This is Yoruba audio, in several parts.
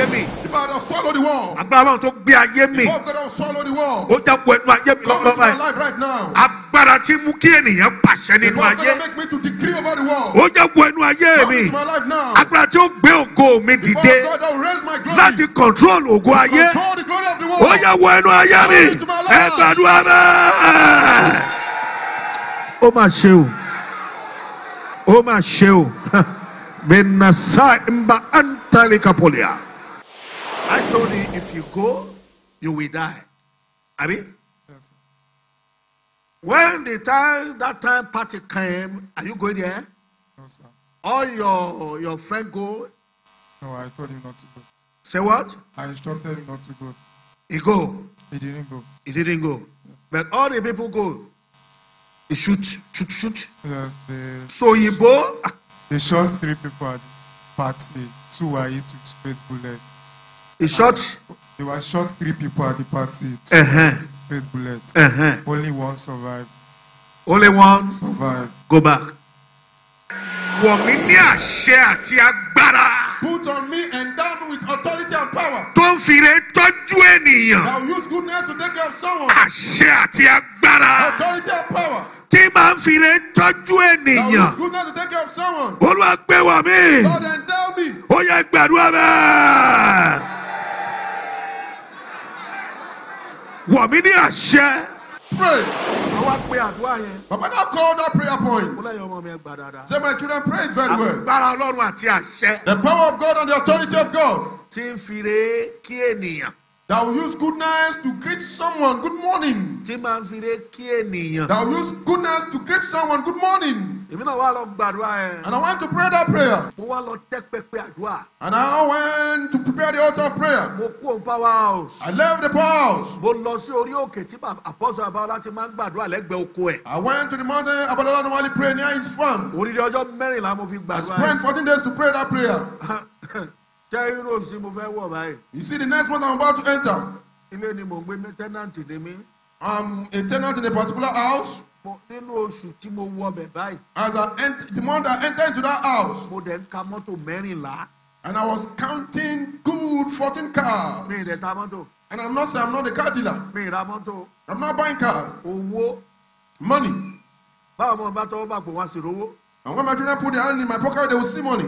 ayé mi. The power that swallow the world. Agbára Ọlọ́run tó gbé ayé mi. The power that swallow the world. Ó jà pọ̀ ẹnu ayé mi lọ́kọ́ báyìí. Agbára tí mú kí ènìyàn pàṣẹ nínú ayé. Ó jà pọ̀ ẹnu ayé mi. Agbára tí ó gbé ògo mi dìde. Láti control ògo ayé. Ó yà wọ ẹnu ayé mi. Ẹ gbàdúrà bẹ́ẹ̀. Ó mà ṣe o. Ó mà ṣe o. Benasai mba antali kapolia. I told you if you go, you will die. I mean, yes, when the time that time party came, are you going there? No, sir. All your your friend go. No, I told him not to go. Say what? I instructed him not to go. He go. He didn't go. He didn't go. Yes. But all the people go. He shoot, shoot, shoot. Yes, they. So he go. They shot three people at party. Two were hit with straight bullet. He shot. they were shot three people at the party. two uh-huh. straight bullets. Uh-huh. only one survived. only one survived. go back. wọ̀ mí ní àṣẹ àti agbára. put on me and down with authority and power. tó ń fire tọ́jú ènìyàn. that will use goodness to take care of someone. àṣẹ àti agbára. authority and power. tí máa ń fire tọ́jú ènìyàn. use goodness to take care of someone. olúwa gbé wọ̀ mí. Lord endow me. ó yẹ gbàdúrà bẹ́ẹ̀. wọ̀ mí ní àṣẹ. pray. àwa pe àdúrà yẹn. bàbá náà call that prayer point. mo lẹ́yìn ọmọ mi gbà dáadáa. say my children pray it very well. agbára ọlọ́run àti àṣẹ. the power of God and the authority of God. ti ń fi re kí ènìyàn. That will use goodness to greet someone good morning. Tí máa ń fi kí ènìyàn. That will use goodness to greet someone good morning. Èmi náà wá lọ gbàdúrà yẹn. And I want to pray that prayer. Mo wá lọ tẹ́ pẹpẹ àdúrà. And I went to prepare the altar of prayer. mo kó n power I left the power house. mo lọ sí orí òkè tí àpọ́sọ̀ abáwọlá ti máa ń gbàdúrà lẹ́gbẹ̀ẹ́ oko ẹ̀. I went to the mountain abáwọlá normally pray near his farm. oríire ọjọ́ mẹ́rìnlá mo fi gbàdúrà. I spent fourteen days to pray that prayer. jẹ́ irú òsì mo fẹ́ wọ̀ báyìí. You see the next month I'm about to enter. ilé ni mò ń gbé tenant ni mí. I'm a tenant in a particular house nínú oṣù tí mo wọ bẹ̀ báyìí. as i enter the month i enter into that house. mo dẹ̀ ń ka mọ́tò mẹ́rìnlá. And I was counting good 14 cars. Mi ìrẹ̀ ta mọ́tò. And I'm not saying I'm not a car dealer. Mi ìra mọ́tò. I'm not buying cars. Owo, Money. Báwo mo bá tọwọ́ bá pò wá sí rówó? And when my children put their hand in my pocket, they will see money.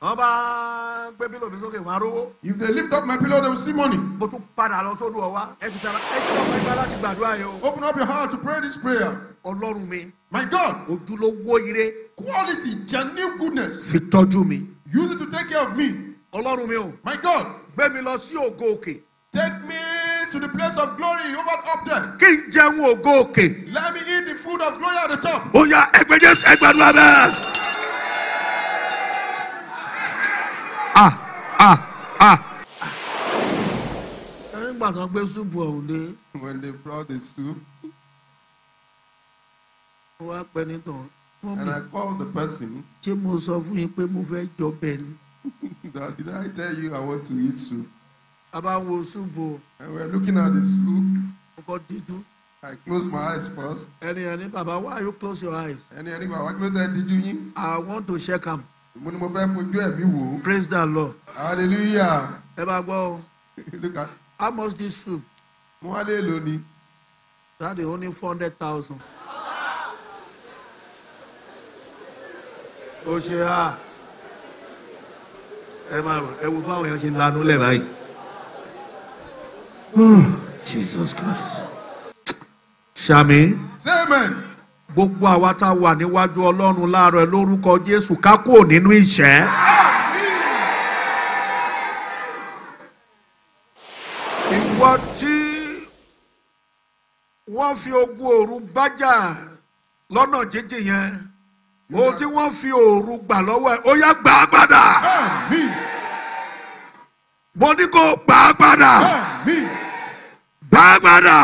Wọ́n bá gbé pílò mi sókè wá rówó. If they lift up my pillow, they will see money. Mo tún padà lọ sódù ọ̀wá. Ẹ fi tara ẹ fi ọmọ ìgbà láti gbàdúrà yẹn o. Open up your heart to pray this prayer. Ọlọ́run mi. My God. Ojúlówó ire. Quality, genuine goodness. Fi tọ́jú mi. Use it to take care of me. Ọlọ́run mi o. My God. Gbé mi lọ sí ògo òkè. Take me to the place of glory over up there. Kí n jẹun ògo òkè. Let me eat the food of glory at the top. Ó yá ẹgbẹ́ Jésù ẹgbẹ́rún abẹ́. Ah ah ah. Ẹni gbà gbé súpù ọ̀hún dé. When they brought the soup. Wọ́n á pẹ́ nítorí and I called the person. ṣé mo sọ fún yín pé mo fẹ́ jọ bẹ́ẹ̀ ni. did I tell you I want to eat soup? Aba, bá ń wo ṣùgbọ́n. and we are looking at the soup. mo kọ́ díjú. I close my eyes first. ẹni ẹni bàbá why you close your eyes. ẹni ẹni bàbá close that díjú yín. I want to check am. mo ni mo fẹ́ fojú ẹ̀ mi wò. Praise the Lord. Hallelujah. ẹ bá gbọ́. Look at. How much this soup? mo wá lè lò ní. That is only four hundred thousand. ó ṣe á ẹ máa ẹ wo báwọn èèyàn ṣe ń lanú lẹ̀ báyìí. Hmm, Jesus Christ. Ṣàmì. Amen. Gbogbo àwa tá a wà níwájú Ọlọ́run láàárọ̀ ẹ lórúkọ Jésù ká kúrò nínú ìṣẹ́. Ìwọ tí wọ́n fi ogún òru bájà lọ́nà jíjìn yẹn. ohun tí wọ́n fi òru gbà lọ́wọ́ ẹ̀ ó yá gbà á padà. mo ní kó gbà á padà. gbà á padà.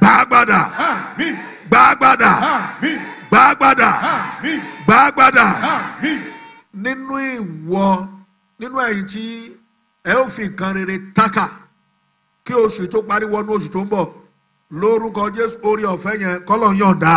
gbà á padà. gbà á padà. gbà á padà. gbà á padà. nínú ìwọ nínú ẹ̀yìn tí ẹ ó fi nǹkan rere tákà kí oṣù tó parí wọnú oṣù tó ń bọ̀ lórúkọ Jésù orí ọ̀fẹ́ yẹn kọ́lọ̀ yọ̀ǹda.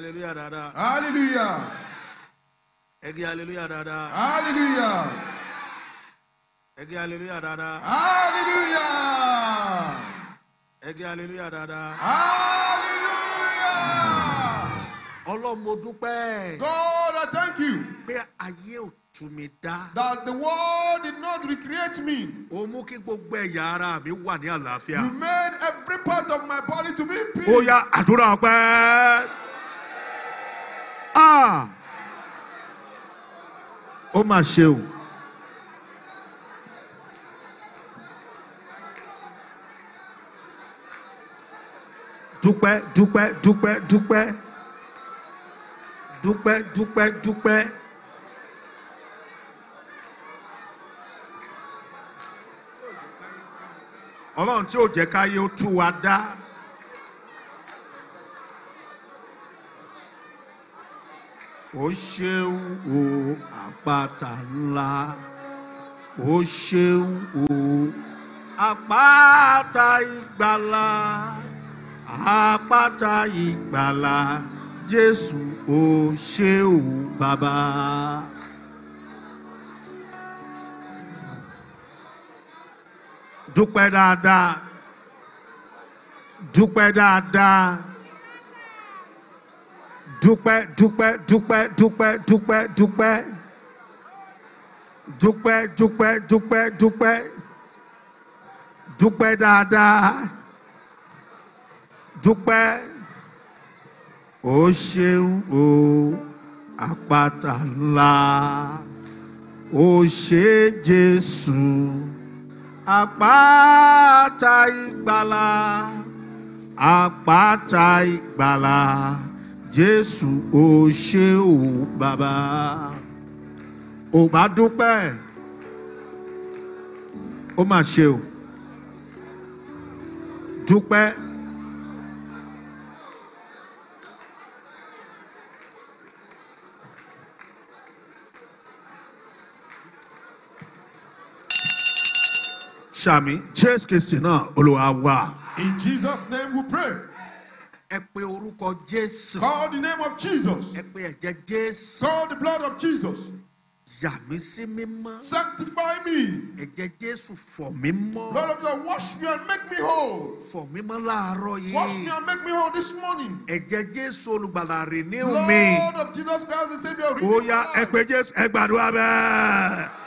hallelujah dáadáa. hallelujah. ẹ hallelujah dáadáa. hallelujah. ẹ hallelujah dáadáa. hallelujah. ẹ hallelujah dáadáa. hallelujah. ọlọ́run mo dúpẹ́. God I thank you. pé ayé ò tú that the world did not recreate me. o mú kí gbogbo ẹ̀yà ara mi wà ní àlàáfíà. you made every part of my body to be in peace. ó yá àdúrà ọpẹ́. Ah! ó mà ṣe o. dúpẹ́ dúpẹ́ dúpẹ́ dúpẹ́ dúpẹ́ dúpẹ́ dúpẹ́. ọlọ́run tí ò jẹ́ káyé ó tú wa dá. ó ṣeun o àpáta ńlá ó ṣeun o àpáta ìgbàlà àpáta ìgbàlà Jésù ó ṣeun bàbá. dúpẹ́ dáadáa dúpẹ́ dáadáa dúpẹ́ dúpẹ́ dúpẹ́ dúpẹ́ dúpẹ́ dúpẹ́ dúpẹ́ dúpẹ́ dúpẹ́ dúpẹ́ dúpẹ́ dáadáa dúpẹ́ ó ṣeun o àpáta ńlá ó ṣe Jésù àpáta ìgbàlà àpáta ìgbàlà jésù o ṣé o bàbá ò bá dúpẹ́ ó mà ṣe o dúpẹ́. Shami, Chase Christian, Oluwa. In Jesus' name we pray. Ẹ pe orúkọ Jésù. Call the name of Jesus. Ẹ pe ẹ̀jẹ̀ Jésù. Call the blood of Jesus. Yà mí sí mímọ́. Sanctify me. Ẹ̀jẹ̀ Jésù fọ̀ mí mọ́. Lord of God, wash me and make me whole. Fọ̀ mí mọ́ láàárọ̀ yìí. Wash me and make me whole this morning. Ẹ̀jẹ̀ Jésù olùgbàlà renew me. Lord of Jesus Christ the Saviour renew me. Ó yá ẹ pe Jésù ẹ gbàdúrà bẹ́ẹ̀.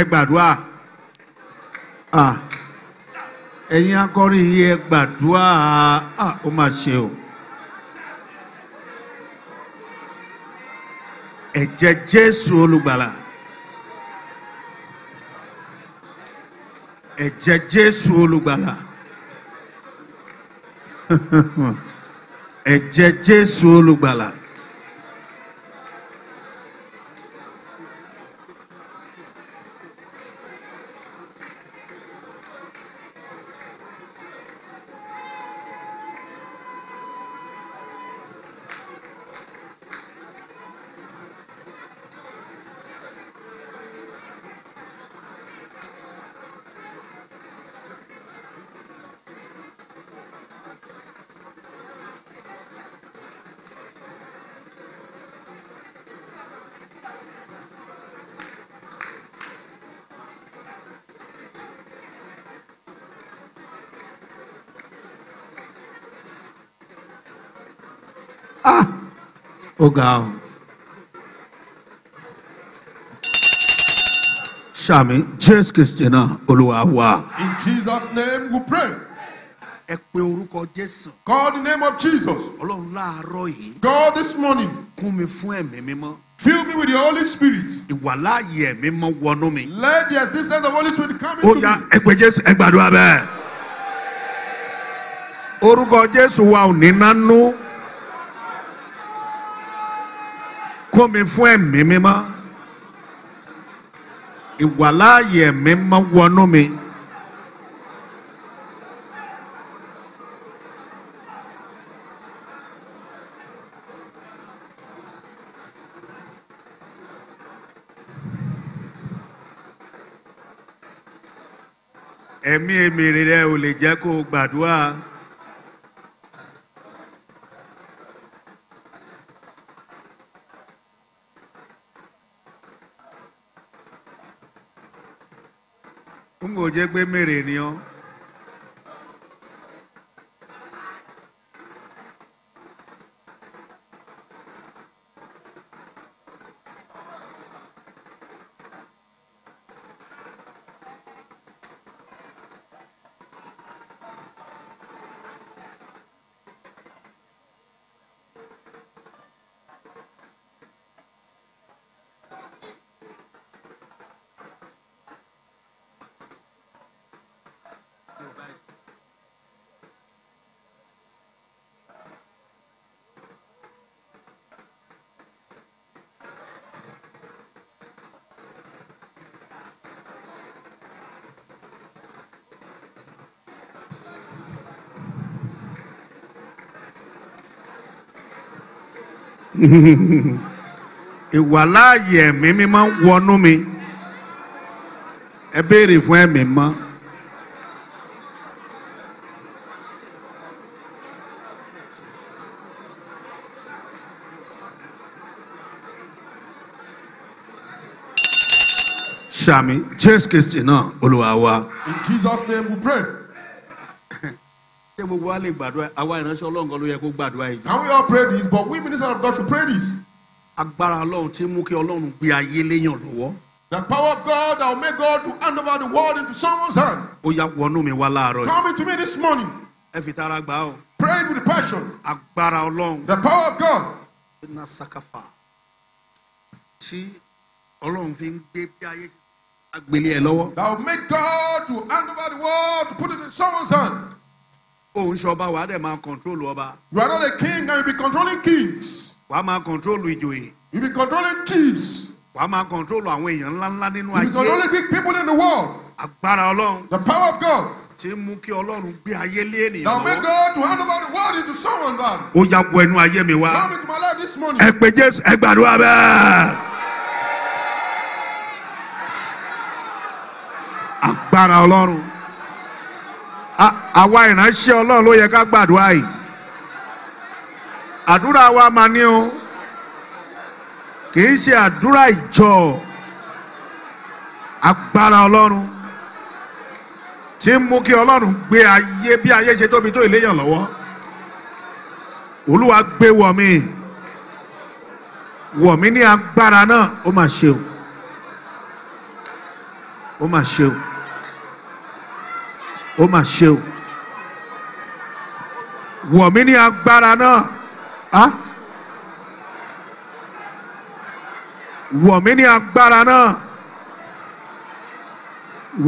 ẹ gbàdúrà ẹ̀yin akọrin yìí ẹ gbàdúrà ó mà ṣe o ẹ̀jẹ̀ Jésù olùgbàlà ẹ̀jẹ̀ Jésù olùgbàlà ẹ̀jẹ̀ Jésù olùgbàlà. ó ga ọ. sàmì jésù kristi náà in jesus name we pray. ẹ pe orúkọ jésù. call the name of jesus. ọlọ́run láàárọ̀ yìí. god this morning. kún mi fún ẹ̀mí mímọ́. Fill me with the Holy Spirit. Ìwàláyé mi mọ wọnú mi. Let the existence of Holy Spirit come into me. Oya, ya ẹgbẹ́ Jésù ẹgbàdo abẹ́. Orúkọ Jésù wa ò ní nánú. kọ́ mi fún ẹ̀mí mímọ́ ìwàláàyè ẹ̀mí mímọ́ wọnú mi. ẹ̀mí èmèrè rẹ ò lè jẹ́ kó o gbàdúrà. ń gbòjẹ́ pé mèrè ni ọ́. ìwàláàyè ẹ̀mí mímọ́ wọnú mi ẹ béèrè fún ẹ̀mí mọ́. sàmì Jésù Kristi náà Olúwa wa. In Jesus' name we pray. ṣé and we all pray this but we ministers of God should pray this. agbára ọlọ́run ti mú kí ọlọ́run gbé ayé The power of God that will make God to hand over the world into someone's hand. Ó yá mi wá láàárọ̀ Come into me this morning. Ẹ fi Pray with passion. Agbára Ọlọ́run. The power of God. Iná Tí Ọlọ́run fi ń gbé lọ́wọ́. That will make God to hand over the world to put it in someone's hand. òun ṣọba wàá dẹ̀ máa control ọba. you are not a king and you be controlling kings. wàá máa control ìjòyè. you be controlling chiefs. wàá máa control àwọn èèyàn ńláńlá nínú ayé. you be controlling big people in the world. agbára ọlọ́run. the power of God. ti mú kí ọlọ́run gbé ayé lé ènìyàn lọ. now make God to hand over the world into someone that. ó ya wọ ẹnu ayé mi wá. come into my life this morning. ẹ pé jésù ẹ gbàdúrà agbára ọlọ́run àwa ìránṣẹ́ ọlọ́run ló yẹ ká gbàdúrà yìí àdúrà wa máa ní o kì í ṣe àdúrà ìjọ agbára ọlọ́run tí ń mú kí ọlọ́run gbé ayé bí ayé ṣe tóbi tó ìléyàn lọ́wọ́ olúwa gbé wọ̀ mí ní agbára náà ó mà ṣe o ó mà ṣe o. ó mà ṣe o wọ̀ mí ní agbára náà á wọ̀ mí ní agbára náà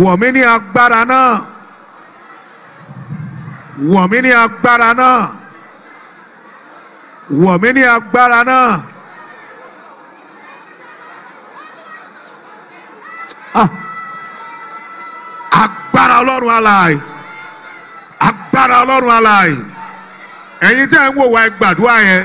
wọ̀ mí ní agbára náà wọ̀ mí ní agbára náà wọ̀ mí ní agbára náà. Ah. agbára ọlọ́run alààyè agbára ọlọ́run alààyè ẹ̀yin tẹ́ ń wò wá ẹ gbàdúrà yẹn.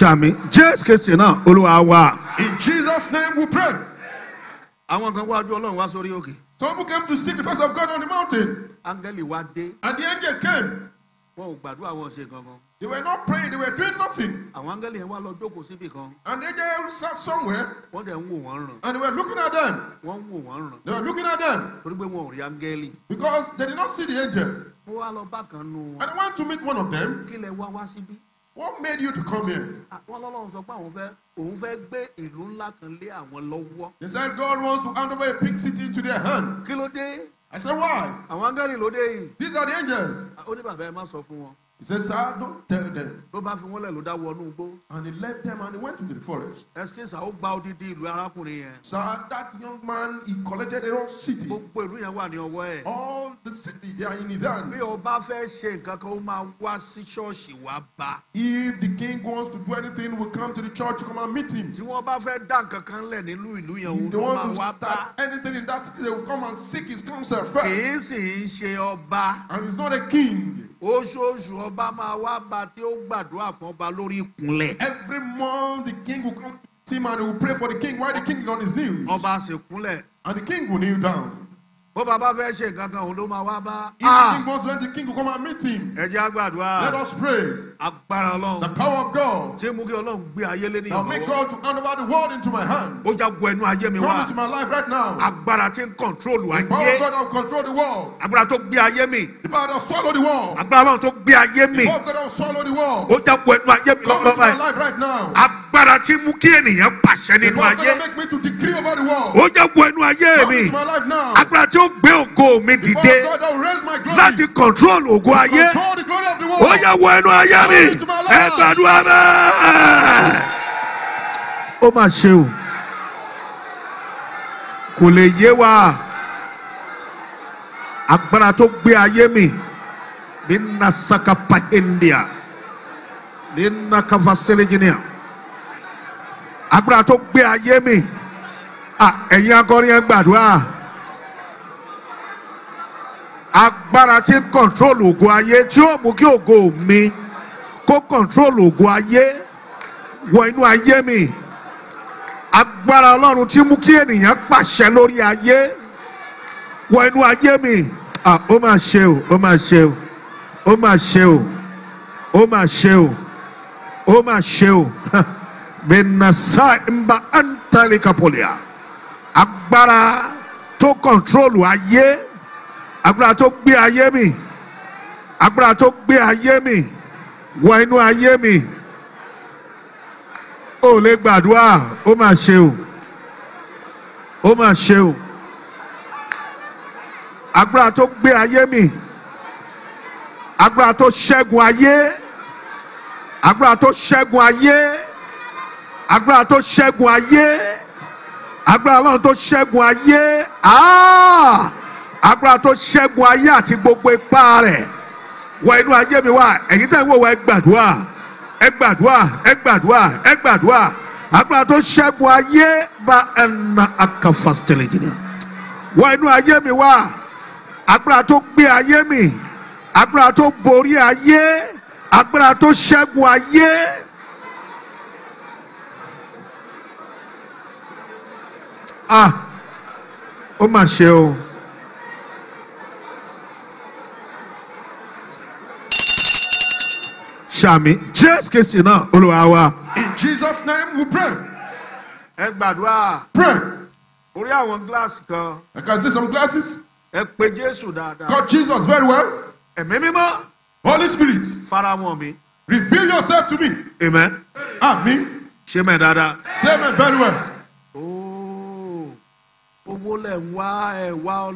ṣàmì jésù kristi náà olúwa wa. in jesus name we pray. àwọn kan wájú ọlọ́run wá sórí òkè. some came to seek the face of God on the mountain. angeli wá dé. and the angel came. wọn ò gbàdúrà wọn ṣe kankan. they were not praying they were doing nothing. àwọn angeli yẹn wá lọ jókòó síbì kan. and the angel sat somewhere. wọ́n dẹ̀ ń wò wọ́n ràn. and they were looking at them. wọ́n ń wò wọ́n ràn. they were looking at them. torí pé wọn ò rí angeli. because they did not see the angel. mo wá lọ bá nù. and I want to meet one of them. kí wá wá síbí. What made you to come here? Àwọn ah, ọlọ́run sọ pé àwọn fẹ́ òun fẹ́ gbé ìlú ńlá kan lé àwọn lọ́wọ́. They said God wants to hand over a big city into their hand. Kí ló dé? I said why? Àwọn angẹ́lì ló dé yìí. These are the angels. Ah, ó ní bàbá ẹ má sọ fún wọn. He said, Sir, don't tell them. Ló bá fi wọ́n lẹ̀ ló dá wọnú igbó. And he left them and he went to the forest. Ẹ̀sìkè sà ó gba odidi ìlú arákùnrin yẹn. Sir, that young man he collected a whole city. Gbogbo ìlú yẹn wà ní ọwọ́ ẹ̀. All the city they are in his hand. Bí o bá fẹ́ ṣe nǹkan kan, ó máa wá sí ṣọ́ọ̀ṣì wá bá. If the king wants to do anything, we come to the church to come and meet him. Tí wọ́n bá fẹ́ dá nǹkan kan lẹ̀ nílùú ìlú yẹn, ó máa wá bá. If they want to start anything in that city, they will come and seek his counsel first. And he's not a king oṣooṣù ọba máa wá ba tí ó gbàdúrà fún ọba lórí ìkúnlẹ̀. every month the king will come to him and he will pray for the king while the king is on his knees. ọba ṣèkúnlẹ̀. and the king will kneel down bó bàbá fẹ́ ṣe nǹkan kan òun ló máa wá bá. if the ah! king wants to let the king come and meet him. ẹ jẹ́ àgbàdua. let us pray. agbára ọlọ́run. the power of God. ṣé mú kí ọlọ́run gbé ayé lé ní ìlú. now make God to hand over the world into my hand. ó já gbọ́ ẹnu ayé mi wá. come into my life right now. agbára tí ń control ayé. the power of God that will control the world. agbára tó gbé ayé mi. the power that swallow the world. agbára tó gbé ayé mi. the power of God will swallow the world. ó já gbọ́ ẹnu ayé mi lọ́kọ́ báyìí. come into my life right now agbára tí mú kí ènìyàn pàṣẹ nínú ayé. ó jẹ́ wọ inú ayé mi agbára tí ó gbé ògo mi dìde láti control ògo ayé ó yẹ wọ inú ayé mi ẹ gbàdúrà bẹ́ẹ̀. ó mà ṣe o kò lè yé wa agbára tó gbé ayé mi ní nasakapa india ní nakava seliginia agbára tó gbé ayé mi ẹ̀yin akọrin ẹ gbàdúrà agbára tí ń kọ̀ntrólù ògo ayé tí ó mú kí ògo mi kó kọ̀ntrólù ògo ayé wọ inú ayé mi agbára ọlọ́run tí mú kí ènìyàn pàṣẹ lórí ayé wọ inú ayé mi ó máa ṣe o ó máa ṣe o ó máa ṣe o ó máa ṣe o ó máa ṣe o. menasaimba antalikapolia agbára tó kọ̀ntrólù ayé agbára tó gbé ayé mi agbára tó gbé ayé mi wọ inú ayé mi ó lè gbàdúrà ó mà ṣe o ó mà ṣe o agbára tó gbé ayé mi agbára tó ṣẹ́gun ayé agbára tó ṣẹ́gun ayé agbára tó ṣẹ́gun ayé agbára ọlọ́run tó ṣẹ́gun ayé ah! agbára tó ṣẹ́gun ayé àti gbogbo ipá rẹ̀ wọ inú ayé mi wá ẹ̀yin tẹ̀ ń wò wá ẹ gbàdúrà ẹ gbàdúrà ẹ gbàdúrà ẹ gbàdúrà agbára tó ṣẹ́gun ayé bá ẹnà àkàfàsítẹ̀lẹ̀ jìnnà wọ inú ayé mi wá agbára tó gbé ayé mi agbára tó borí ayé agbára tó ṣẹ́gun ayé. Ah, ó mà ṣe o. sàmì Jésù Kristi náà Olúwa in Jesus name we pray. ẹ gbàdúrà. pray. orí àwọn gíláàsì kan. I can see some glasses. ẹ pe Jésù dáadáa. call Jesus very well. ẹ̀mí mímọ́. Holy Spirit. faramọ́ mi. reveal yourself to me. amen. àmín. ṣé mẹ́ dáadáa. ṣé mẹ́ very well. You are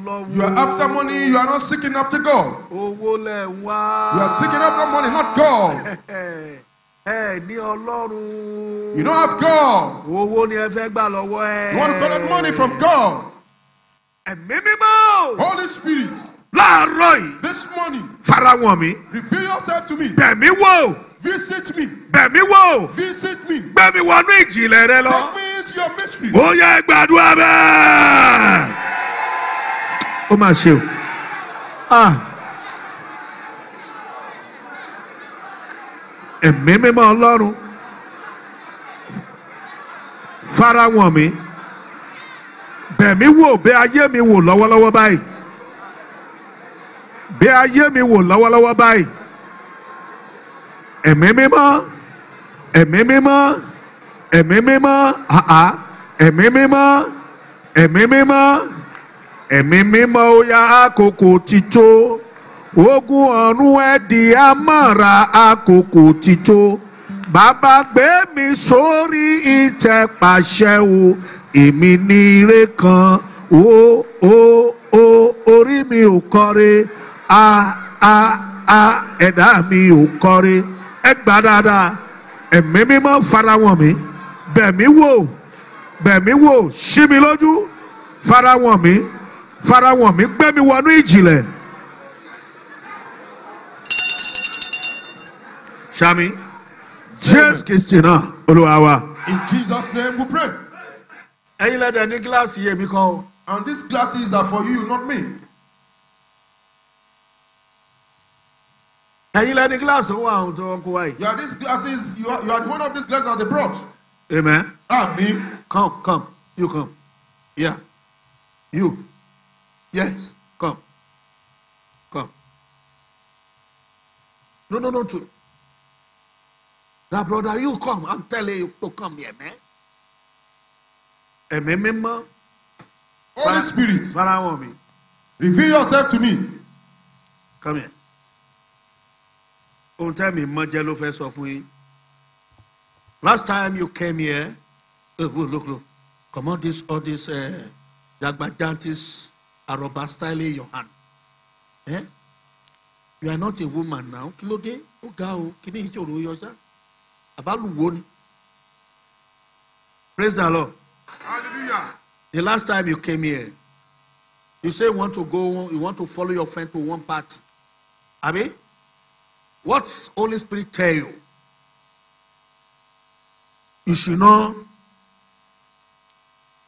after money, you are not seeking after God. You are seeking after money, not God. You don't have God. You want to collect money from God. Holy Spirit. This morning. Reveal yourself to me. Visit me. Visit me. Take me into your mystery. ó yẹ gbàdúrà bẹ́ẹ̀. ó máa ṣe o. Ah. ẹ̀mí mímọ́ ọlọ́run fara wọ̀n mi bẹ̀mí wò bẹ́ ayé mi wò lọ́wọ́lọ́wọ́ báyìí bẹ́ ayé mi wò lọ́wọ́lọ́wọ́ báyìí ẹ̀mí mímọ́ ẹ̀mí mímọ́ ẹ̀mí mímọ́ àá ẹ̀mí mímọ́ ẹ̀mí mímọ́ ẹ̀mí mímọ́ ó yá àkókò ti tó ogun ọ̀run ẹ̀ di amọ̀ra àkókò ti tó bàbá gbé mi sórí ìtẹ́ pàṣẹ o èmi ní ire kan o o o orí mi ò kọ́re a a a ẹ̀dá mi ò kọ́re ẹ gbà dáadáa ẹ̀mí mímọ́ farahàn mi bẹ̀mí wò bẹ̀mí wò ṣí mi lójú fara wọn mi fara wọn mi gbé mi wọnú ìjìnlẹ̀ sami Jésù Kristi náà Olúwa in Jesus name we pray. ẹ̀yin lẹ́dẹ̀ ní gíláàsì yé mi kan and these glasses are for you not me. ẹ̀yin lẹ́dẹ̀ gíláàsì owó àwọn tó ń kó wáyé. you are these glasses you are, you are one of these glasses that they brought. Amen. Amen. Ah, come, come. You come. Yeah. You. Yes. Come. Come. No, no, no. To. That brother, you come. I'm telling you to come here, man. Amen. member. Holy Spirit. Farawo mi. Reveal yourself to me. Come here. Ohun tẹ́ mi mọ́ jẹ́ of fẹ́ Last time you came here, oh, look, look, come on, this, all this, uh, Dagbajantis, Aroba style your hand. Eh? You are not a woman now. Kí ló dé? Ó ga o, kí ni ìṣòro yọ ṣá? Àbálùwò Praise the Lord. Hallelujah. The last time you came here, you say you want to go, you want to follow your friend to one party. Abi? What's Holy Spirit tell you? You should not.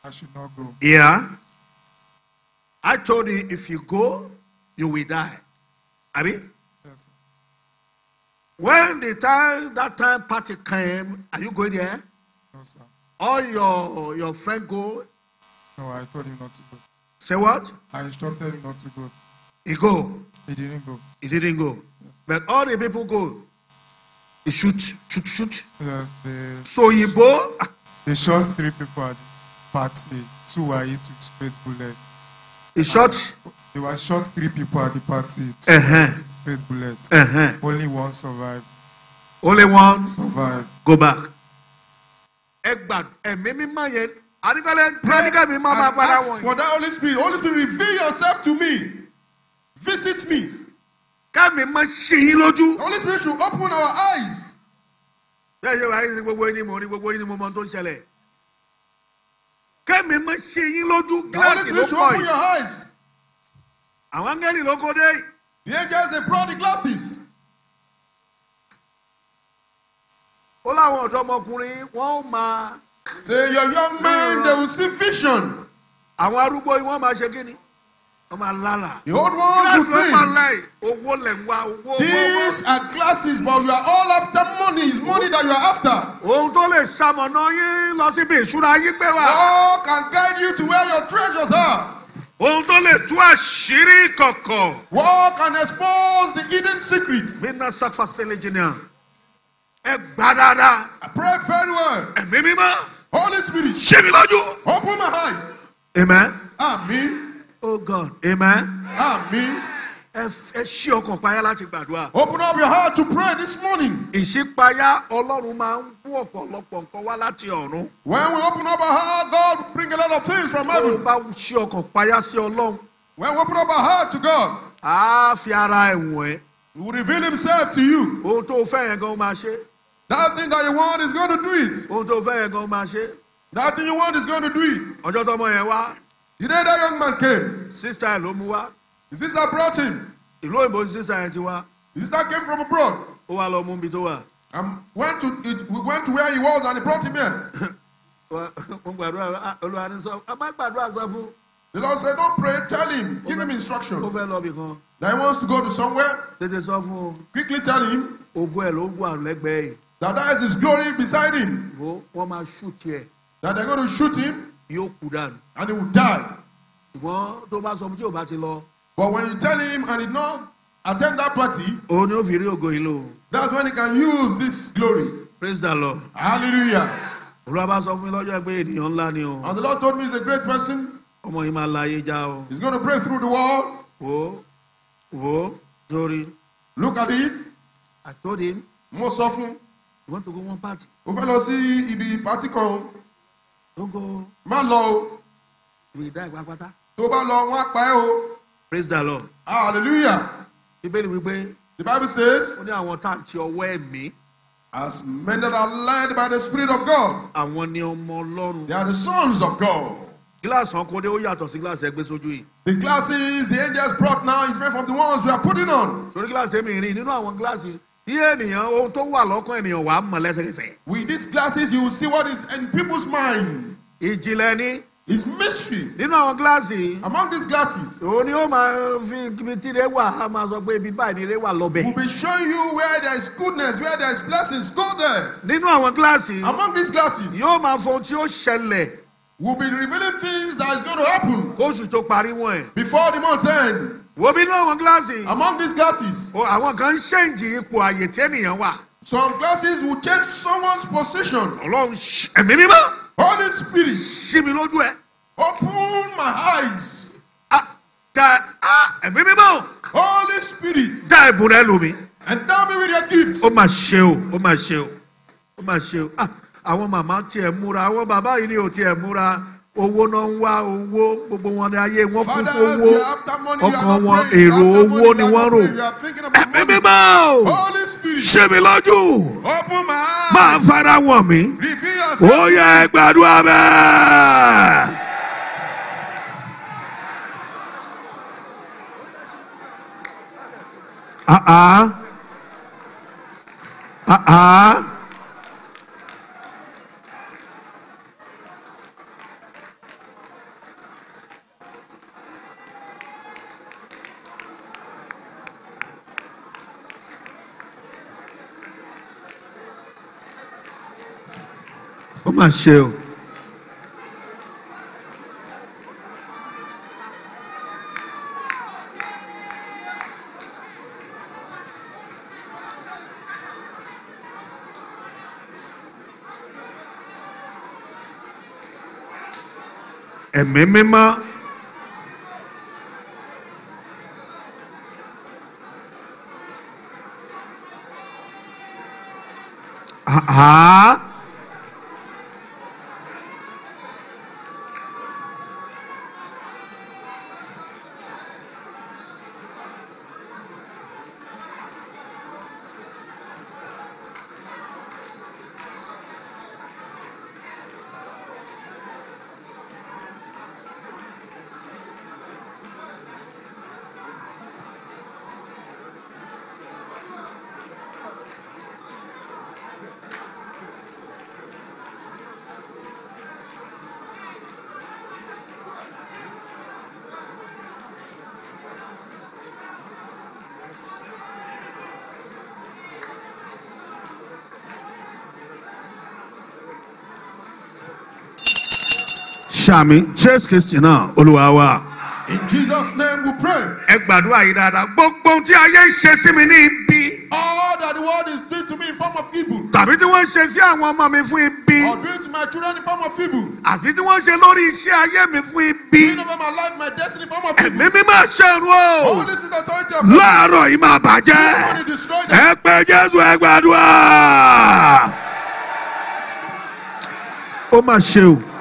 I should not go. Yeah. I told you if you go, you will die. I mean, yes, when the time that time party came, are you going there? No, sir. All your your friend go. No, I told him not to go. Say what? I instructed him not to go. He go. He didn't go. He didn't go. Yes. But all the people go. They shoot, shoot, shoot. Yes, they. So Yibo. They shot three people at the party. Two were hit with straight bullet. They shot. They were shot three people at the party. Two uh-huh. straight bullet. Uh-huh. Only one survived. Only one survived. Go back. Egba, ẹ̀mí mímọ́ yẹn, àníkàlẹ̀ kíláníkà mi máa máa padà wọ̀nyí. For that Holy Spirit, Holy Spirit, reveal yourself to me. Visit me kẹ́mi mọ́ ṣe yín lójú. holy spirit should open our eyes. bẹ́ẹ̀ ṣe wà ní gbogbo yín ni mo ní gbogbo yín ni mo mọ tó ń ṣẹlẹ̀. kẹ́mi mọ́ ṣe yín lójú gíláàsì ló kọ́ yìí. àwọn angẹ́lì ló kó dé. the angels dey pour the glasses. ó láwọn ọ̀dọ́mọkùnrin wọ́n máa. say your young man, they will see vision. àwọn arúgbó yìí máa ṣe kí ni. The old one Glass will These are glasses, but you are all after money. It's money that you are after. God can guide you to where your treasures are. Ohun tó Walk and expose the hidden secrets. I pray very well. Holy spirit. Open my eyes. Amen. Amen oh God. Amen. Amen. ẹ ṣí ọkàn payá láti gbàdúrà. open up your heart to pray this morning. ìṣípayá ọlọ́run máa ń bú ọ̀pọ̀lọpọ̀ nǹkan wá láti ọ̀run. when we open up our heart God will bring a lot of things from heaven. when we open up our heart to God. a fi ara he will reveal himself to you. that thing that you want is going to do it. that thing you want is going to do it. The day that young man came. Sister ló mú wá. His sister brought him. Ìlú òyìnbó ni sister yẹn ti wá. His sister came from abroad. Ó wá lọ mú ibi tó And um, went to we went to where he was and he brought him here. Mo gbàdúrà ah, Olúwa ní sọ, a sọ fún. The Lord said, don't pray, tell him, give him instruction. Ó fẹ́ lọ bì kan. That he wants to go to somewhere. Tètè sọ fún un. Quickly tell him. Ògùn ẹ̀ ló ń gùn lẹ́gbẹ̀ẹ́ yìí. That that is his glory beside him. Wọ́n máa shoot yẹ. That they're going to shoot him yóò kú dànù. and he will die. ṣùgbọ́n tó bá sọ fún tí o bá ti lọ. but when you tell him and he no attend that party. òun ni ó fi rí ògo yìí lò. that's when he can use this glory. praise the lord. hallelujah. olúwa bá sọ fún mi lọ́jọ́ pé ènìyàn ńlá ni o. and the lord told me he a great person. ọmọ yìí máa la ayé já o. he is going to pray through the wall. wo wo torí. look at him. I told him. mo sọ fún. you want to go one party. o fẹ́ lọ sí ibi pàtí kan má lọ o. ìwé ìdá ìwà pátá. tó bá lọ wọn á pa ẹ́ o. praise the lord. hallelujah. bíbélì wípé. the bible says. ó ní àwọn tá à ń ti ọwọ́ ẹ̀mí. as men that are led by the spirit of God. àwọn ni ọmọ ọlọ́run. they are the sons of God. gíláàsì ọkọ dé ó yàtọ̀ sí gíláàsì ẹgbẹ́ sójú yìí. the glasses the angels brought now is made from the ones we are putting on. sori gíláàsì èmi rìn nínú àwọn gíláàsì Iye ènìyàn ohun tó wà lọ́kàn ènìyàn wà á mọ̀ lẹ́sẹ̀kẹsẹ̀. With these glasses you will see what is in people's mind. Ìjìnlẹ̀ ni. It's mystery. Nínú àwọn gíláàsì. Among these glasses. Òun ni ó máa fi ibi tí ire wà á máa sọ pé ibi báyìí ni ire wà lọ́bẹ̀. We will be showing you where there is goodness, where there is blessings, go there. Nínú àwọn gíláàsì. Among these glasses. Yóò máa fọ ohun tí ó ṣẹlẹ̀. We will be revealing things that is going to happen. Kóṣù tó parí wọ̀nyẹn. Before the month end wo bí náà wọn gíláàsì. among these glasses. o àwọn kan ń ṣèǹjì ipò àyè tí ènìyàn some glasses will change someone's position. ọlọ́run ẹ̀mí mímọ́. holy spirit. ṣí mi lójú ẹ. open my eyes. ah da ah holy spirit. dá ẹ̀bùn rẹ lómi. endow me with your gifts. ó mà ṣe o ó mà ṣe o ó mà ṣe o àwọn màmá tiẹ̀ múra àwọn bàbá yìí ni ò tiẹ̀ múra owó náà ń wá owó gbogbo wọn ní ayé wọn kún fún owó ọkàn wọn èrò owó ni wọ́n rò ẹ̀mí mímọ́ o ṣe mí lójú máa fara wọ̀n mí ó yẹ gbàdúrà bẹ́ẹ̀. Ah ah. Ah ah. Damasceu. É mesmo Ah, ah. sàmì Jésù Kristi náà olúwa wa. In Jesus' name we pray. Ẹ gbàdúrà yìí dáadáa. Gbogbo ohun tí ayé ń ṣe sí mi ní ibi. All that the world is doing to me in form of evil. Tàbí tí wọ́n ṣe sí àwọn ọmọ mi fún ibi. Or doing to my children in form of evil. Àbí tí wọ́n ṣe lórí iṣẹ́ ayé mi fún ibi. Doing over my life, my destiny in form of evil. Ẹ̀mí mi máa ṣẹ̀rù o. Holy the authority of God. Láàárọ̀ yìí máa bàjẹ́. Ẹ pé Jésù ẹ gbàdúrà. Ó mà ṣe o.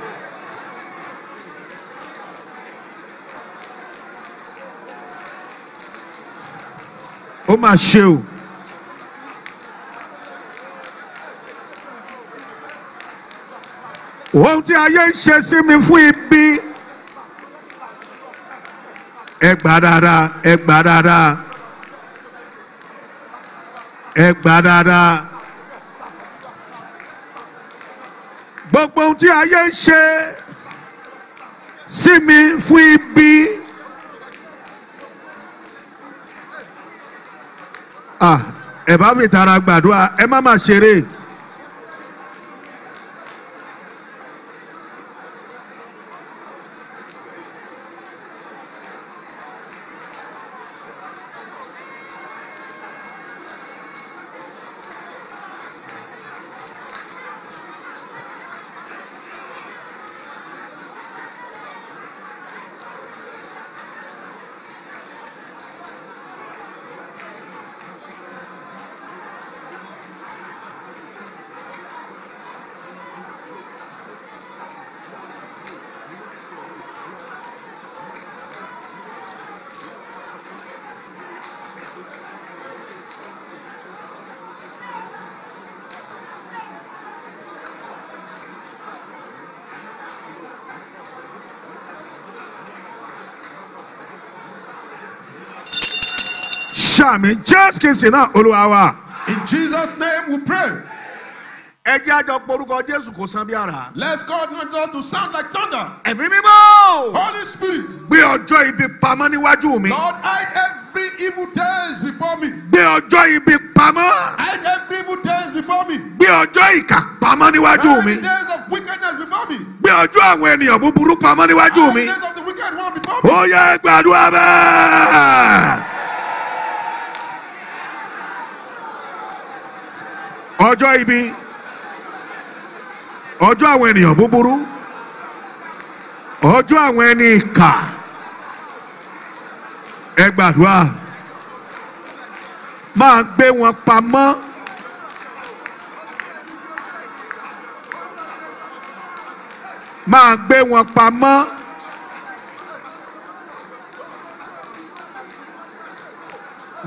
ó mà ṣe o. ohun tí ayé ń ṣe sí mi fún ibi ẹ gbà dáadáa ẹ gbà dáadáa ẹ gbà dáadáa gbogbo ohun tí ayé ń ṣe sí mi fún ibi. Ah, ẹ bá fi tara gbàdúrà ẹ má má ṣeré. àyíká mi Jésù Kristi náà Olúwa wa. In Jesus' name we pray. Ẹ jẹ́ àjọ porúkọ Jésù kò san bí ara. Let's God not God to sound like thunder. Ẹ̀mí mímọ́. Holy Spirit. Gbé ọjọ́ ibi pamọ́ níwájú mi. Lord, hide every evil days before me. Gbé ọjọ́ ibi pamọ́. Hide every evil days before me. Gbé ọjọ́ ìkà pamọ́ níwájú mi. Hide days of wickedness before me. Gbé ọjọ́ àwọn ènìyàn búburú pamọ́ níwájú mi. Hide days of the wicked one before me. Ó yẹ gbàdúrà bẹ́ẹ̀. ọjọ́ ibi ọjọ́ àwọn ènìyàn búburú ọjọ́ àwọn ẹni ìkà ẹ gbàdúrà máa gbé wọn pamọ́. máa gbé wọn pamọ́.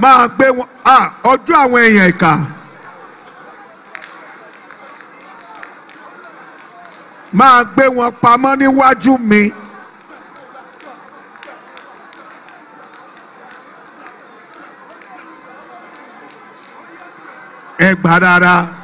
máa gbé wọn ọjọ́ àwọn èèyàn ìkà. máa gbé wọn pamọ́ níwájú mi. ẹ gbà dáadáa.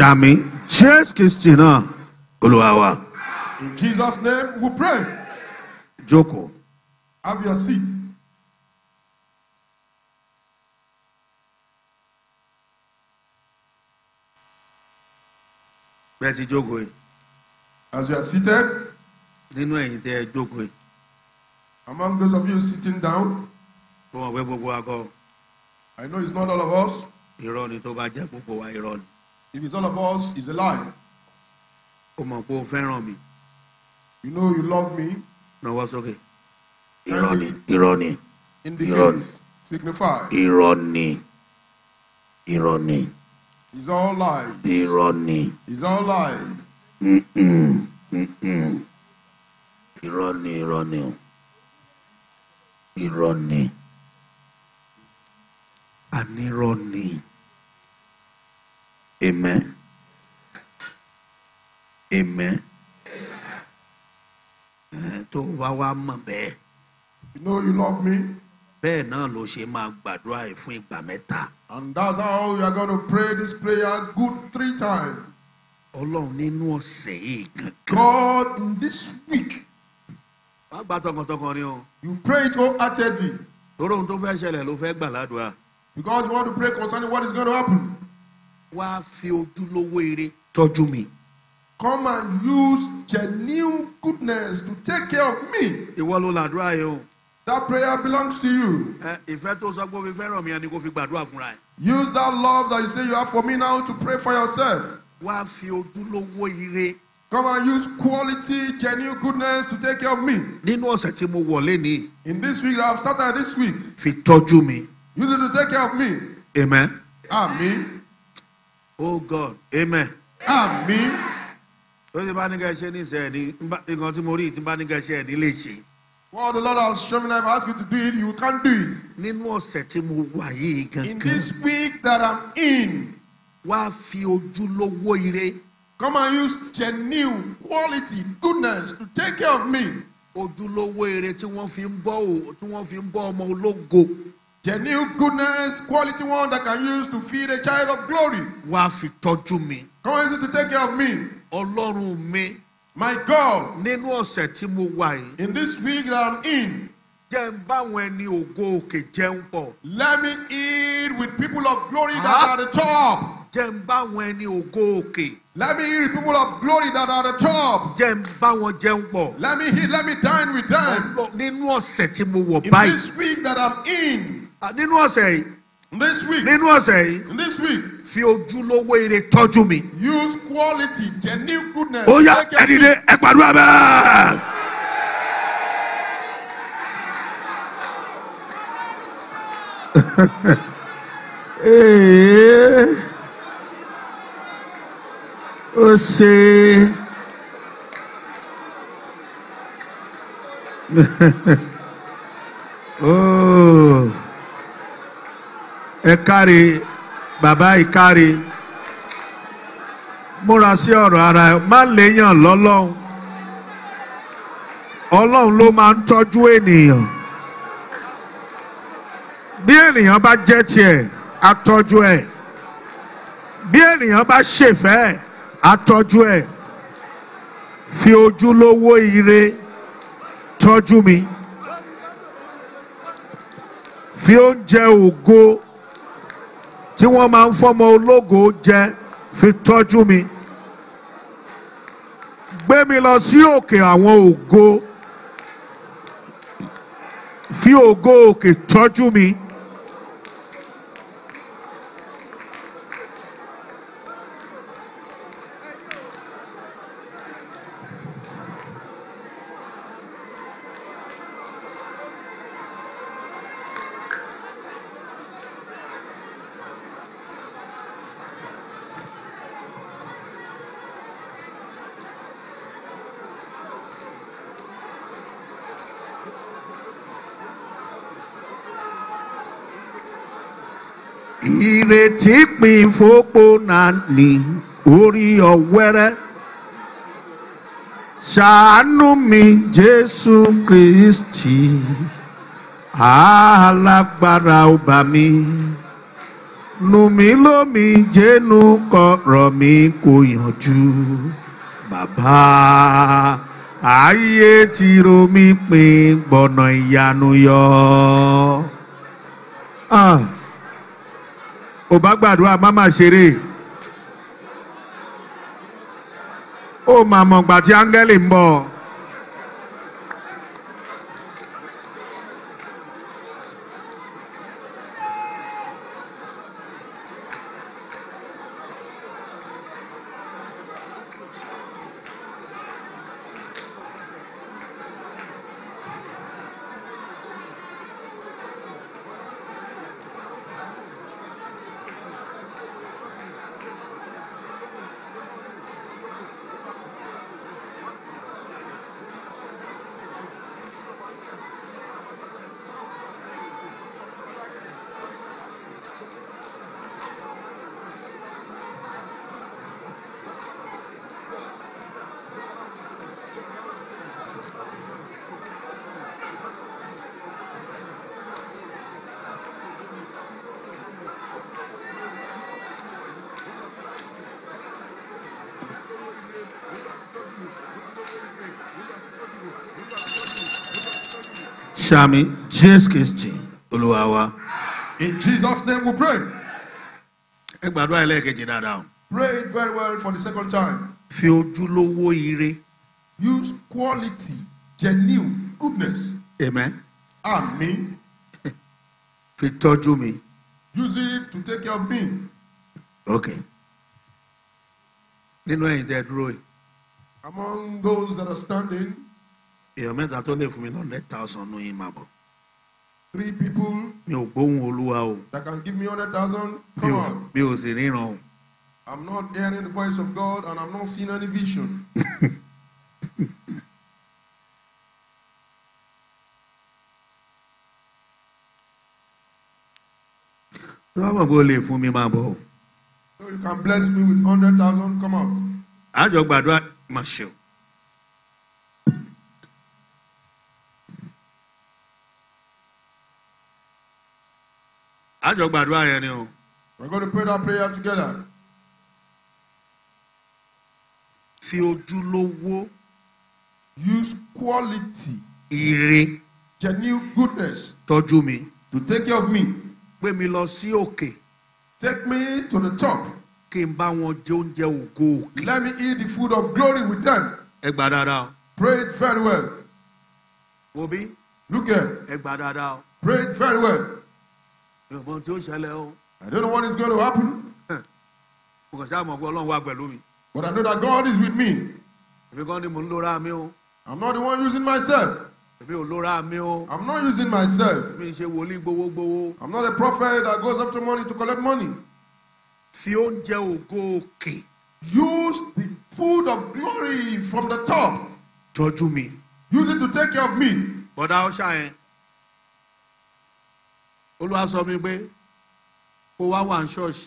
sàmì Jésù Kristi náà Olúwa wa. In Jesus' name we pray. Joko, Have your seat. Bẹ́ẹ̀ ti jókòó yìí. As you are seated. Nínú ẹ̀yin tẹ́ ẹ jókòó yìí. Among those of you sitting down. Mo mọ̀ gbogbo wa I know it's not all of us. Irọ́ ni tó bá jẹ́ gbogbo wa irọ́ ni. If it's all of us, it's a lie. O mọ̀ pé o fẹ́ràn mi. You know you love me. Nawọ́ sókè. Irọ́ ni, irọ́ ni. Indicates, signifies. Irọ́ ni, irọ́ ni. It's all lies. Irọ́ ni. It's all lies. Mm-mm, mm-mm. Irọ́ ni, irọ́ ni o. Irọ́ ni. Anirọ́ ni. Amen. Amen. Tó wá wá mọ̀ bẹ́ẹ̀. You know you love me. Bẹ́ẹ̀ náà ló ṣe máa gbàdúrà yìí fún ìgbà mẹ́ta. And that's how you are going to pray this prayer good three times. Ọlọ́run nínú ọ̀sẹ̀ yìí kankan. God in this week. Má gba tọkàntọkàn ni o. You pray it wholeheartedly. Toro ohun tó fẹ́ ṣẹlẹ̀ ló fẹ́ gbà ládùúrà. Because you want to pray concerning what is going to happen. wá fi ojúlówó eré tọ́jú mi. Come and use genuine goodness to take care of me. Ìwọ ló làdúrà o. That prayer belongs to you. Ìfẹ́ tó sọ pé mi ẹni kò fi gbàdúrà fúnra ẹ̀. Use that love that you say you have for me now to pray for yourself. Wá fi ojúlówó ire. Come and use quality, genuine goodness to take care of me. Nínú ọ̀sẹ̀ tí mo In this week I have started this week. Fi tọ́jú mi. Use it to take care of me. Amen. Amen. Oh God, amen. Àmín. Ó ṣe bá ní ká ṣe ní ìṣẹ́ ní nǹkan tí mo rí ìtí bá ní ká ṣe ní lè ṣe. What the Lord has shown me, I've asked you to do it, you can't do it. Nínú ọ̀sẹ̀ tí mo wà yìí gangan. In this week that I'm in. Wá fi ojúlówó ire. Come and use genuine quality goodness to take care of me. Ojúlówó ire tí wọ́n fi ń bọ́ ọmọ ológo genuine goodness quality one that can use to feed a child of glory. wá fi tọ́jú mi. come easy to take care of me. ọlọ́run mi. my God. nínú ọ̀sẹ̀ tí mo wà yìí. in this week that I'm in. jẹ́ ń bá ẹni ògo òkè jẹun pọ̀. let me eat with people of glory that huh? Ah! are the top jẹ́ ń bá ẹni ògo òkè. Let me hear the people of glory that are the top. Jẹ́ ń bá wọn jẹun pọ̀. Let me hear, let me dine with them. Nínú ọ̀sẹ̀ tí mo wọ̀ báyìí. In this week that I'm in. Ah, nínú ọ̀sẹ̀ yìí. this week nínú ọ̀sẹ̀ yìí. this week fi ojúlówó ire tọ́jú mi. use quality genuine goodness. ó yá ẹni dé ẹ gbàdúrà bẹ́ẹ̀. ee ṣe. oh. ekari baba bàbá ìkáre múra sí ọ̀rọ̀ ara ẹ má léèyàn lọ́lọ́run lo ló máa ń tọ́jú ènìyàn bí ènìyàn bá jẹ tiẹ̀ á tọ́jú ẹ̀ bí ènìyàn bá ṣèfẹ́ á tọ́jú ẹ̀ fi ojúlówó ire tọ́jú mi fi oúnjẹ ògo. tí wọ́n máa ń fọ́mọ ológo jẹ fi tọ́jú mi gbé mi lọ sí òkè àwọn ògo fi ògo òkè tọ́jú mi. ìrètí pin fòpó náà ní orí ọ̀wẹ́rẹ́ ṣàánú mi jésù kristi alágbára ọba mi nù mí lómi jẹ́nu kọ̀rọ̀ mi kò yànjú bàbá ayé ti ro mi pin gbọ̀nà ìyanu yọ. Ah ò bá gbàdúrà má má ṣeré ó máa mọ̀gbà tí áńgẹ́lì ń bọ̀. sàmì jésù kristi olúwa in jesus name we pray. pray it very well for the second time. fi ojúlówó ire. use quality genuine goodness. amen. amen. fi tọ́jú mi. use it to take care of me. okay. nínú ẹ̀yin tẹ́ dúró yìí. among those that are standing èèyàn mẹ́ta tó lè fún mi ní hundred thousand nù yín màbọ̀. three people. mi ò gbóhùn olúwa o. that can give me hundred thousand. come on. mi ò sì ríran o. I'm not hearing the voice of God and I'm not seeing any vision. tó bá mọ̀ pé o lè fún mi máa bọ̀. so you can bless me with hundred thousand come on. àjọ gbàdúrà máa ṣe o. a gbàdúrà yẹn ni o. we are going to pray that prayer together. fi ojúlówó. use quality. ire. genuine goodness. tọ́jú mi. to take care of me. gbé mi lọ sí òkè. take me to the top. kí n bá wọn jẹ oúnjẹ ògo òkè. let me eat the food of glory with them. ẹ gbà dáadáa o. pray it very well. wo bí. look here. ẹ gbà dáadáa o. pray it very well ìgbọ̀n tí ó ṣẹlẹ̀ o. I don't know what is going to happen. mo kàn sáà mọ̀ pé Ọlọ́run wà pẹ̀lú mi. But I know that God is with me. èmi kan ni mò ń lóra mi o. I'm not the one using myself. Èmi ò lóra mi o. I'm not using myself. Mi ṣe wòlíì gbowó I'm not a prophet that goes after money to collect money. Fi oúnjẹ ògo òkè. Use the food of glory from the top. Tọ́jú mi. Use it to take care of me. Bọ̀dá ọṣà yẹn olúwa sọ mi pé kó wá wà ní ṣọ́ọ̀ṣì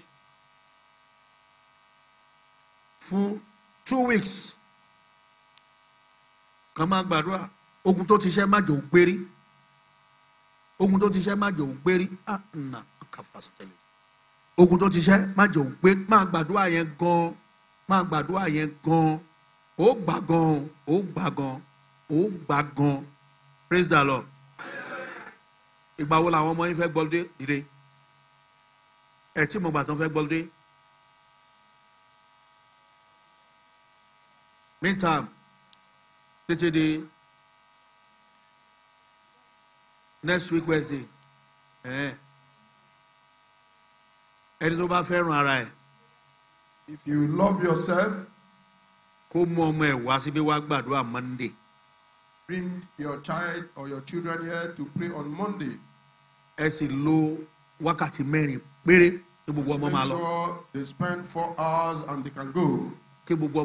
fún two weeks kàn máa gbàdúrà ogun tó ti ṣẹ́ má jòun pérí ogun tó ti ṣẹ́ má jòun pérí á ah, nà kàfàsítẹ́lẹ̀ ogun tó ti ṣẹ́ má jòun pé máa gbàdúrà yẹn gan máa gbàdúrà yẹn gan ó gbà gan ó gbà gan ó gbà gan praise the lord ìgbà wo làwọn ọmọ yín fẹ́ gbọ́lódé dìde ẹ̀ mo gbà tán fẹ́ gbọ́lódé meantime títí di next week wednesday ẹni tó bá fẹ́ràn ara ẹ̀. if you love yourself. kó mú ọmọ ẹ̀ wá síbí wá gbàdúrà monday. bring your child or your children here to pray on Monday. Ẹ Make sure they spend four hours and they can go. And let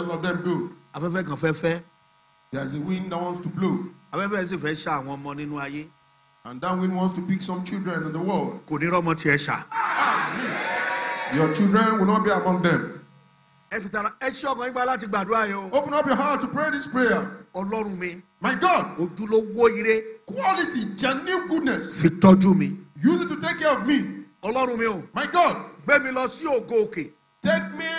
all of them go. There is a wind that wants to blow. And that wind wants to pick some children in the world. Your children will not be among them. ẹ ẹ ṣí ọkàn yín láti gbàdúrà yẹn o. open up your heart to pray this prayer. ọlọ́run mi. my God. ojúlówó ire. quality genuine goodness. fi tọ́jú mi. use it to take care of me. ọlọ́run mi o. my God. gbé mi lọ sí ògo òkè. take me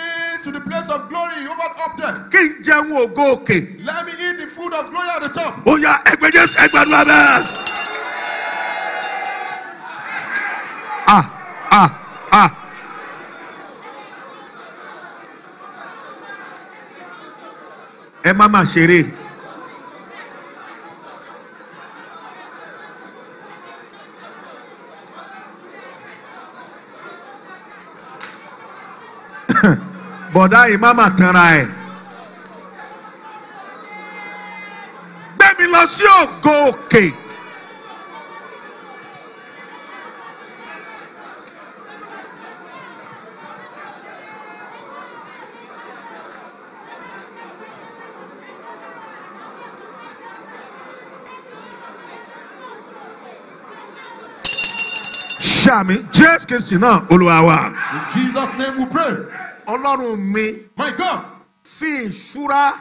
to the place of glory over up there. kí n jẹun ògo òkè. let me eat the food of glory at the top. ó ẹgbẹ́ jésù ẹgbàdúrà bẹ́ẹ̀. ah ah ah. ẹ má má ṣeré. bọ̀dá yìí má má tanra ẹ̀. gbẹ̀mí lọ sí ògo òkè. olúwa mi jésù kristi náà olúwa wa. in jesus name we pray. ọlọ́run mi. my God. fi ìṣúra.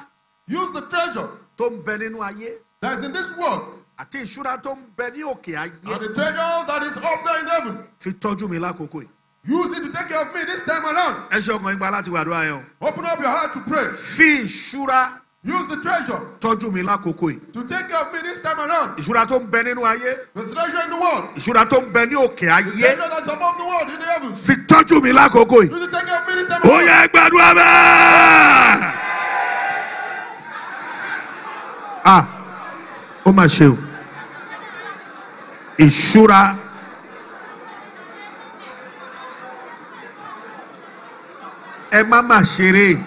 use the treasure. tó ń bẹ nínú ayé. that is in this world àti ìṣúra tó ń bẹ ní òkè ayé. and the treasure that is up there in heaven. fi tọ́jú mi lákòókò yìí. use it to take care of me this time around. ẹ ṣe ọkàn yín gba láti wàdúrà yẹn o. open up your heart to pray. fi ìṣúra. Use the treasure. Tọ́jú mi lákòókò yìí. To take care of me this time around. Ìṣúra tó ń bẹ nínú ayé. The treasure in the world. Ìṣúra tó ń bẹ ní òkè ayé. The treasure that's above the world in the heavens. Sì tọ́jú mi lákòókò yìí. Use the take care of me this time around. Ó yẹ gbàdúrà bẹ́ẹ̀. Ah, ó mà ṣe o. Ìṣúra. Ẹ má mà ṣeré.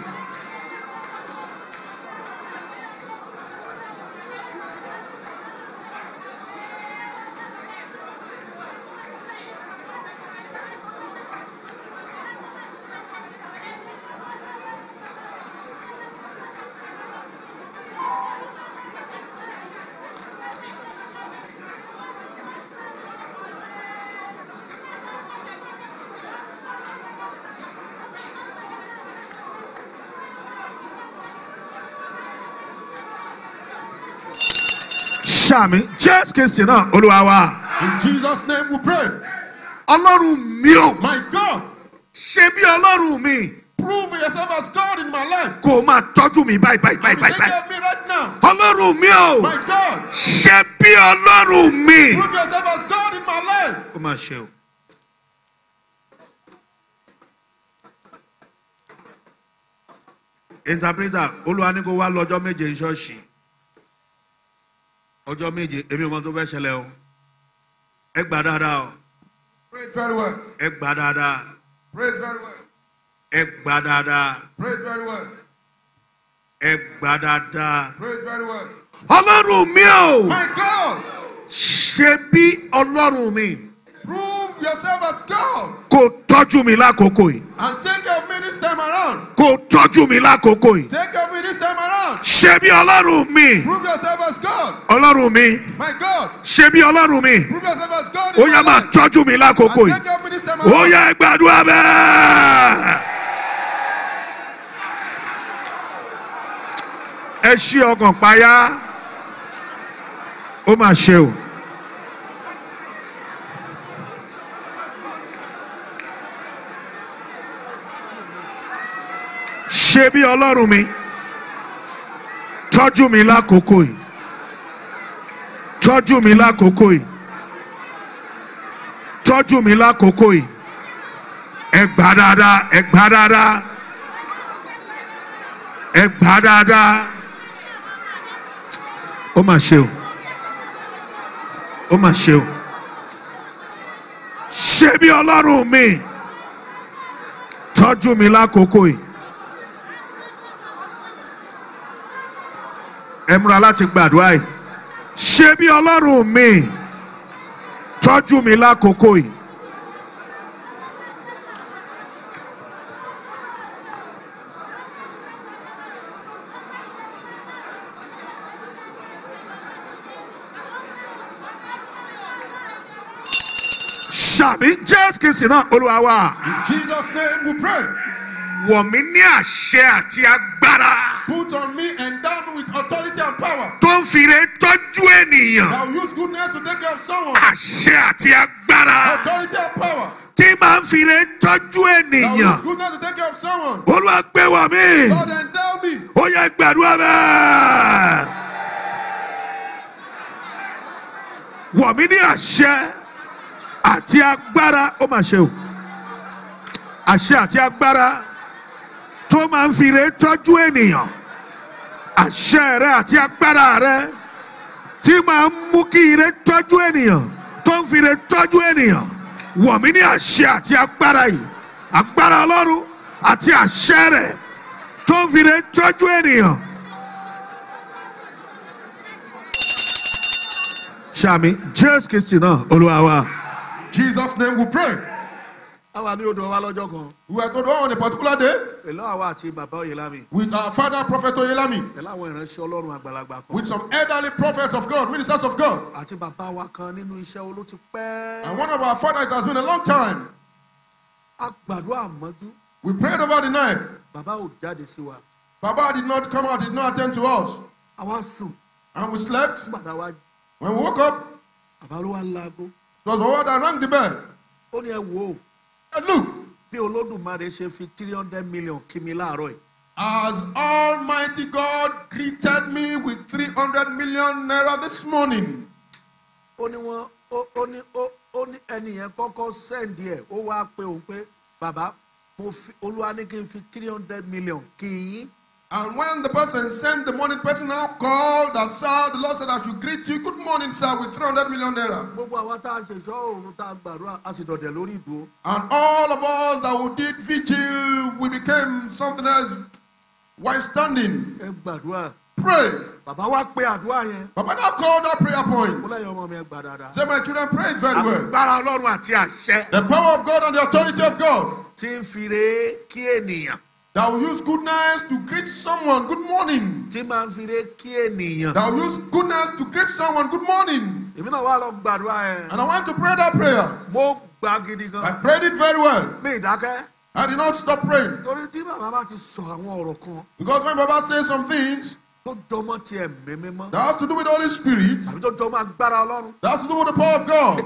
àdúrà mi Jésù Kristi náà Olúwa wa. In Jesus' name we pray. Ọlọ́run mi o. My God. Ṣé bí Ọlọ́run mi? Prove yourself as God in my life. Kò máa tọ́jú mi báyìí báyìí báyìí báyìí. Take care of me right now. Ọlọ́run mi o. My God. Ṣé bí Ọlọ́run mi? Prove yourself as God in my life. Ó máa ṣe o. Interpreter, Olúwa ní kó wá lọ́jọ́ méje ṣọ́ọ̀ṣì ọjọ́ méje èmi ọmọ tó fẹ́ ṣẹlẹ̀ o ẹ gbà dáadáa o ẹ gbà dáadáa ẹ gbà dáadáa ẹ gbà dáadáa ọlọ́run mi o ṣe bí ọlọ́run mi. Prove yourself as God. Kò tọ́jú mi lákòókò yìí. And take care of me this time around. Kò tọ́jú mi lákòókò yìí. Take care of me this time around. Ṣé bí Ọlọ́run mi? Prove yourself as God. Ọlọ́run mi. My God. Ṣé bí Ọlọ́run mi? Prove yourself as God. Ó yá máa tọ́jú mi lákòókò yìí. And take care of me this time around. Ó yá ẹ gbàdúrà bẹ́ẹ̀. Ẹ ṣí ọkàn payá. Ó mà ṣe o. ṣe bí ọlọ́run mi tọ́jú mi lákòókò yìí tọ́jú mi lákòókò yìí tọ́jú mi lákòókò yìí ẹ dáadáa ẹ dáadáa ẹ dáadáa ó mà ṣe o ó mà ṣe o ṣe bí ọlọ́run mi tọ́jú mi lákòókò yìí. ẹ múra láti gbàdúrà yìí ṣe bí ọlọ́run mi tọ́jú mi lákòókò yìí. ṣàmì jésù kìsì náà olúwa wa. In Jesus' name we pray wọ̀ mí ní àṣẹ àti agbára. put on me endow me with authority and power. tó ń fìrè tọ́jú ènìyàn. that will use goodness to take care of someone. àṣẹ àti agbára. authority and power. tí máa ń fìrè tọ́jú ènìyàn. that will use goodness to take care of someone. olúwa gbé wọ̀ mí. Lord endow me. ó yẹ gbàdúrà bẹ́ẹ̀. wọ̀ mí ní àṣẹ àti agbára ó mà ṣe o àṣẹ àti agbára tó máa ń fi re tọ́jú ènìyàn àṣẹ rẹ àti agbára rẹ tí máa ń mú kí ire tọ́jú ènìyàn tó ń fi re tọ́jú ènìyàn wọ̀ mí ní àṣẹ àti agbára yìí agbára ọlọ́run àti àṣẹ rẹ tó ń fi re tọ́jú ènìyàn. Ṣàmì Jésù Kristi náà Olúwa Jesus name we pray àwa ní odò wa lọ́jọ́ kan. we were told on a particular day. pẹ̀lú àwa àti bàbá oyelami. with our father prophet oyelami. pẹ̀lú àwọn ìránṣẹ́ ọlọ́run àgbàlagbà kan. with some elderly prophets of God ministers of God. àti bàbá wa kan nínú iṣẹ́ olóti pẹ́. and one of our fathers it has been a long time. a gbàdúrà mọ́jú. we prayed over the night. bàbá ò jáde sí wa. bàbá did not come out did not attend to us. àwa sùn. and we slept. gbàdá wa. when we woke up. bàbá ló wá láago. it was my mother that rang the bell. ó ní ẹ wò ó look. bí olódùmarè ṣe fi three hundred million kí mi láàárọ̀ yìí. As Almighty God greeted me with three hundred million naira this morning. ó ní wọn ó ní ó ní ẹnìyẹn kọ́kọ́ sẹ́ǹdì ẹ̀ ó wáá pe òun pé bàbá olúwa ní kí n fi three hundred million kí n yín. And when the person sent the money, the person now called and sir, the Lord said, I should greet you. Good morning, sir, with 300 million naira. And all of us that we did vigil, we became something else while standing. Pray. Bàbá wa pe àdúrà yẹn. Bàbá náà called that prayer point. Ó lẹ́yìn ọmọ mi ẹ gbà dáadáa. Say my children pray very well. Agbára Ọlọ́run àti àṣẹ. The power of God and the authority of God. Ti ń fi re kí ènìyàn. Thou will use goodness to greet someone good morning. Thou will use goodness to greet someone good morning. And I want to pray that prayer. I prayed it very well. I did not stop praying. Because when Baba says some things. that has to do with the holy spirit. that has to do with the power of God.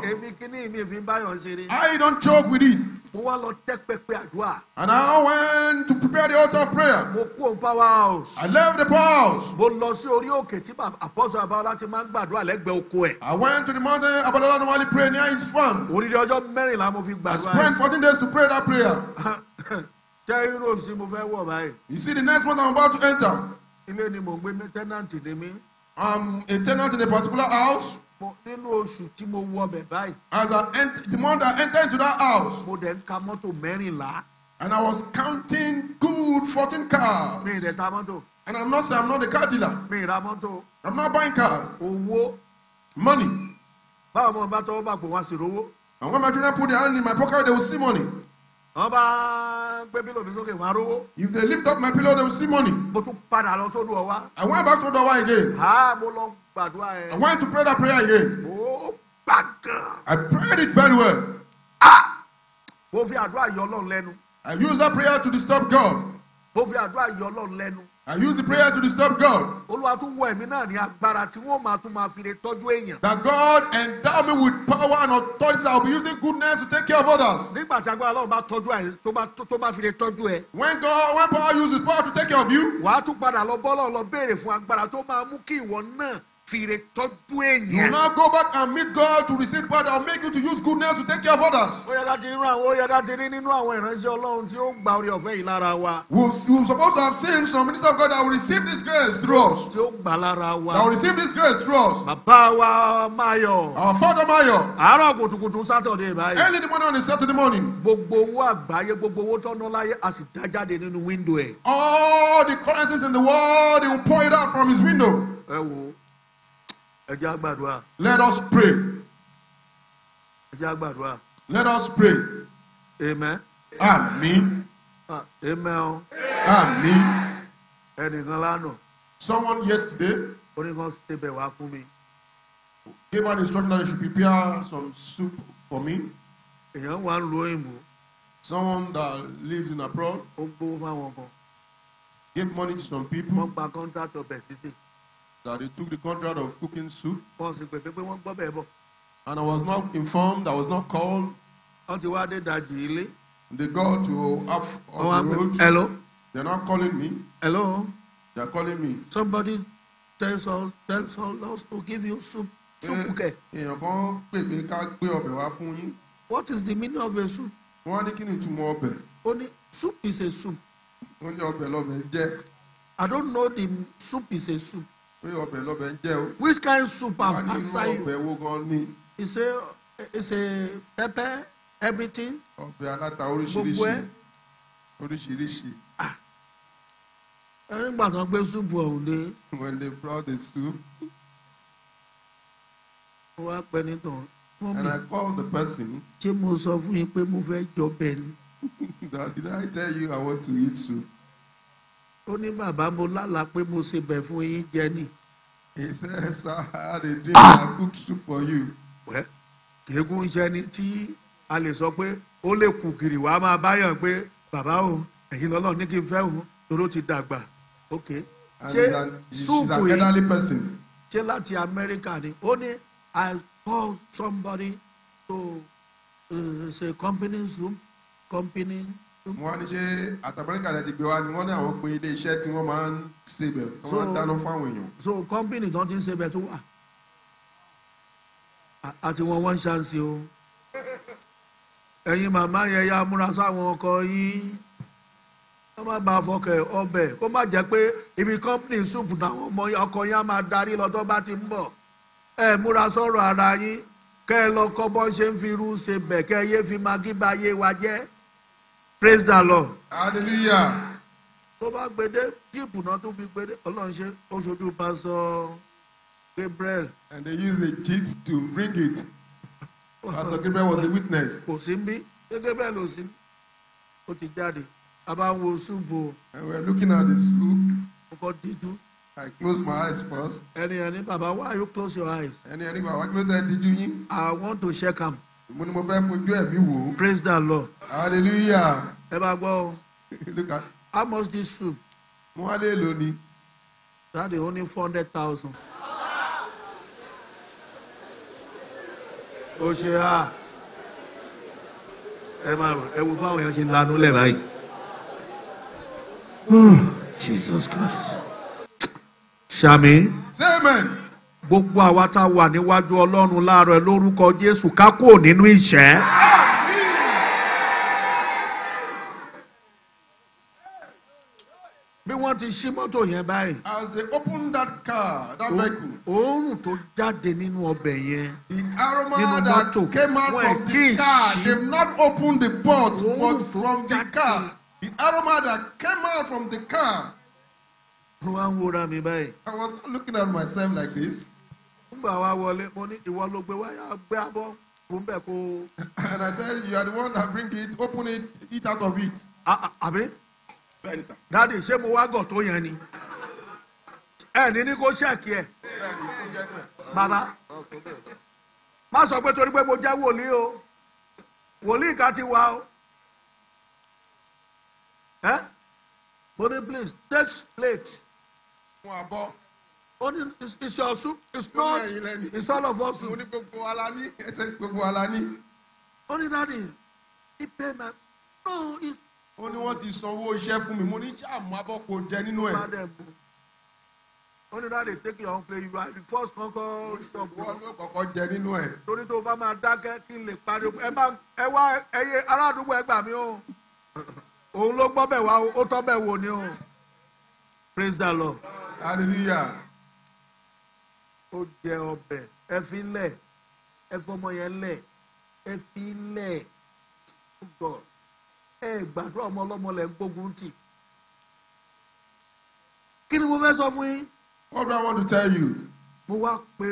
I don't joke with it. and I went to prepare the altar of prayer. I left the power house. I went to the mountain abáwọlá normally pray near his farm. oríire ọjọ́ I spent fourteen days to pray that prayer. you see the next month I'm about to enter ilé ni mò ń gbé tẹ́nàntì ni mí. I'm um, a tenant in a particular house. Mo nínú oṣù tí mo wọ ọbẹ̀ báyìí. As I ent the month I entered into that house. Mo dẹ̀ ń ka mọ́tò mẹ́rìnlá. And I was counting good fourteen cars. Mi ìdẹ̀ ta mọ́tò. And I'm not say I'm not a car dealer. Mi ìra mọ́tò. I'm not buying cars. Owó. Money. Báwo mo bá tọwọ́ bá pò wá sí rówó. And when my children put their hand in my pocket, they will see money wọ́n bá gbé pílò mi sókè wọ́n á rówó. if they lift up my pillow they will see money. mo tún padà lọ sódò ọwá. I went back to the ọwá again. ha mo lọ gbàdúrà yẹn. I went to pray that prayer again. mo gbà gan. I prayed it very well. ah mo fi àdúrà yọ Ọlọ́run lẹ́nu. I used that prayer to disturb God. mo fi àdúrà yọ Ọlọ́run lẹ́nu. I use the prayer to disturb God. Olúwa ẹ̀mí náà ní agbára tí wọ́n máa tún máa fi lè tọ́jú èèyàn. That God endow me with power and authority that I will be using goodness to take care of others. Nígbà tí agbára Ọlọ́run bá tọ́jú ẹ tó bá tó bá fi lè tọ́jú ẹ. When God when power uses power to take care of you. Wàá tún padà lọ bọ́lọ̀ lọ béèrè fún agbára tó máa mú kí ìwọ náà fi tọ́jú èèyàn. you now go back and meet God to receive power that will make you to use goodness to take care of others. ó yẹ ká ti rán àwọn ó yẹ ká ti rí nínú àwọn ìránṣẹ́ Ọlọ́run tí ó gba orí ọ̀fẹ́ yìí lára wa. we we supposed to have seen some minister of God that will receive this grace through us. tí ó gbà lára wa. that will receive this grace through us. bàbá wa Mayo. our father Mayo. àárọ̀ kùtùkùtù Saturday báyìí. early in the morning on a Saturday morning. gbogbo owó àgbáyé gbogbo owó tọ́nú láyé a sì dá jáde nínú window ẹ̀. all the currencies in the world he will pour it out from his window. ẹ wo ẹ jẹ́ let us pray. ẹ jẹ́ let us pray. amen. àmín. Ah, amen o. àmín. ẹnìkan lánàá. someone yesterday. oníkan ṣebẹ̀ wá fún mi. gave an instruction that he should prepare some soup for me. èèyàn wà ń lo someone that lives in abroad. ó ń gbówó fáwọn kan. gave money to some people. wọ́n gba contract ọbẹ̀ sísè that he took the contract of cooking soup. wọn sì pèpè pé wọ́n gbọ́ bẹ́ẹ̀ bọ̀. and I was not informed I was not called. wọ́n ti wá dé dajì ilé. they got to half of oh, the road. hello. they are not calling me. hello. they are calling me. somebody tells us tells us to give you soup. soup eh, kẹ. èèyàn kan pè mí ká gbé ọbẹ̀ wá fún yín. what is the meaning of a soup. wọ́n ní kí ni ìtumọ̀ ọbẹ̀. ó ní soup is a soup. oúnjẹ ọbẹ̀ lọ́bẹ̀ jẹ́. I don't know the soup is a soup pé ọbẹ̀ lọ́bẹ̀ ń jẹ́ o. which kind soup am answer you. ọbẹ̀ wo gan ni. he say he say pepper everything. ọbẹ̀ aláta oríṣiríṣi. gbogbo ẹ. oríṣiríṣi. ah nígbà tó gbé súpù ọ̀hún dé. when they brought the soup. wọ́n á pẹ́ nítorí. and I called the person. ṣé mo sọ fún yín pé mo fẹ́ jọ bẹ́ẹ̀ ni. did I tell you I want to eat soup? ó ní bàbá mo lálàá pé mo ṣe bẹ̀ fún yín jẹ ni. he said i had a dream ah. i cooked soup for you. wẹ́ kéékùn iṣẹ́ ni tí a lè sọ pé ó lè kù kiri wàá máa báyàn pé bàbá o ẹ̀yin lọ́lọ́ ní kí n fẹ́ òun toró ti dàgbà ok. ṣé súùpù yìí ṣé láti amẹ́ríkà ni ó ní i call somebody to uh, say company soup company mo ní ṣe àtàbáríkà rẹ ti gbé wa ni wọ́n ní àwọn pé ilé iṣẹ́ tí wọ́n máa ń ṣe bẹ̀ wọ́n ń dáná fún àwọn èèyàn. so kọ́mpìnì tó ti ń ṣe bẹ̀ tó wà àti wọn wọ́n ń ṣàǹṣe o ẹ̀yin màmá yẹn ya múra sáwọn ọkọ yín wọ́n má bàa fọkẹ̀ ọbẹ̀ kó má jẹ́ pé ibi kọ́mpìnì soup làwọn ọmọ ọkọ yẹn á máa darí lọ tó bá ti ń bọ̀ ẹ múra sọ̀rọ̀ ara yín kẹ́ ẹ lọ kọ́ bọ́ ṣe ń fi irú ṣe bẹ̀ kẹ́ ẹ yé fi magí bà yé wa jẹ́ praise the lord. hallelujah. tó bá gbede jíìpù náà tó fi gbede ọlọ́run ṣe ó ṣojú pásọ gabriel. and they used a jeep to bring it. pastor gabriel was a witness. kò sí bí ṣé gabriel ò sí ó ti jáde a bá ń wo ṣùgbọ́n. and we are looking at the soup. mo kọ́ díjú. I close my eyes first. Ẹni ẹni bàbá why you close your eyes? Ẹni ẹni bàbá close that did you hear? I want to check am mo ní mo fẹ́ fojú ẹ̀ mi wò. praise the lord. hallelujah. ẹ máa gbọ́ o. how much this soup. mo wá lè lò ní. that is only four hundred thousand. o ṣe ha ẹ máa ẹ wo báwọn èèyàn ṣe ń lanú lẹ̀ báyìí. Hmm, jesus christ. sami. amen gbogbo àwa tá a wà níwájú ọlọ́run láàárọ̀ ẹ lórúkọ jésù ká kúrò nínú ìṣẹ́. bí wọ́n ti ṣí mọ́tò yẹn báyìí. as they open that car that vehicle. oòrùn tó jáde nínú ọbẹ̀ yẹn. the aroma that came out from the car they have not open the port but from the car the aroma that came out from the car. mo wá ń wúra mi báyìí. I was looking at myself like this gbà wá wọlé mo ní ìwọ ló gbé wáyà gbé abọ́ fún bẹ́ẹ̀ kó. and I said you are the one that bring it open it eat out of it. àbí. bẹ́ẹ̀ni sà. dadi ṣé mo wá gọ̀ tó yẹn ni ẹ ní ní kó ṣẹ́ẹ̀kì ẹ̀ bàbá má sọ pé torí pé mo jẹ́ wòlíì o wòlíì ká ti wá o ẹ mo ní please take plate. fún abọ́ ó ní iṣẹ́ ọ̀ṣun it's not it's all of us. mo ní gbogbo ala ní ẹsẹ̀ gbogbo ala ní. ó ní dáàdi he pay my no it's. ó ní wọ́n ti sanwó iṣẹ́ fún mi mo ní jáàmù abọ́kọ̀ jẹ nínú ẹ̀. ó ní dáàdi take your own play you are the first kankan shop. wọ́n ló kọ́kọ́ jẹ nínú ẹ̀. torí tó bá máa dákẹ́ kí n lè parí ẹ bá ẹ wá ẹyẹ aládùúgbò ẹ gbà mí o òun ló gbọ́ bẹ̀ wá ó tọ́ bẹ̀ wò ni o praise the lord. hallelujah ó jẹ ọbẹ̀ ẹ fi lẹ̀ ẹ yẹn lẹ̀ ẹ fi lẹ̀ oh ẹ gbàdúrà ọmọ ọlọ́mọ lẹ̀ ń gbógun tì kí ni mo fẹ́ sọ fún yín. what do I want to tell you. mo wá pé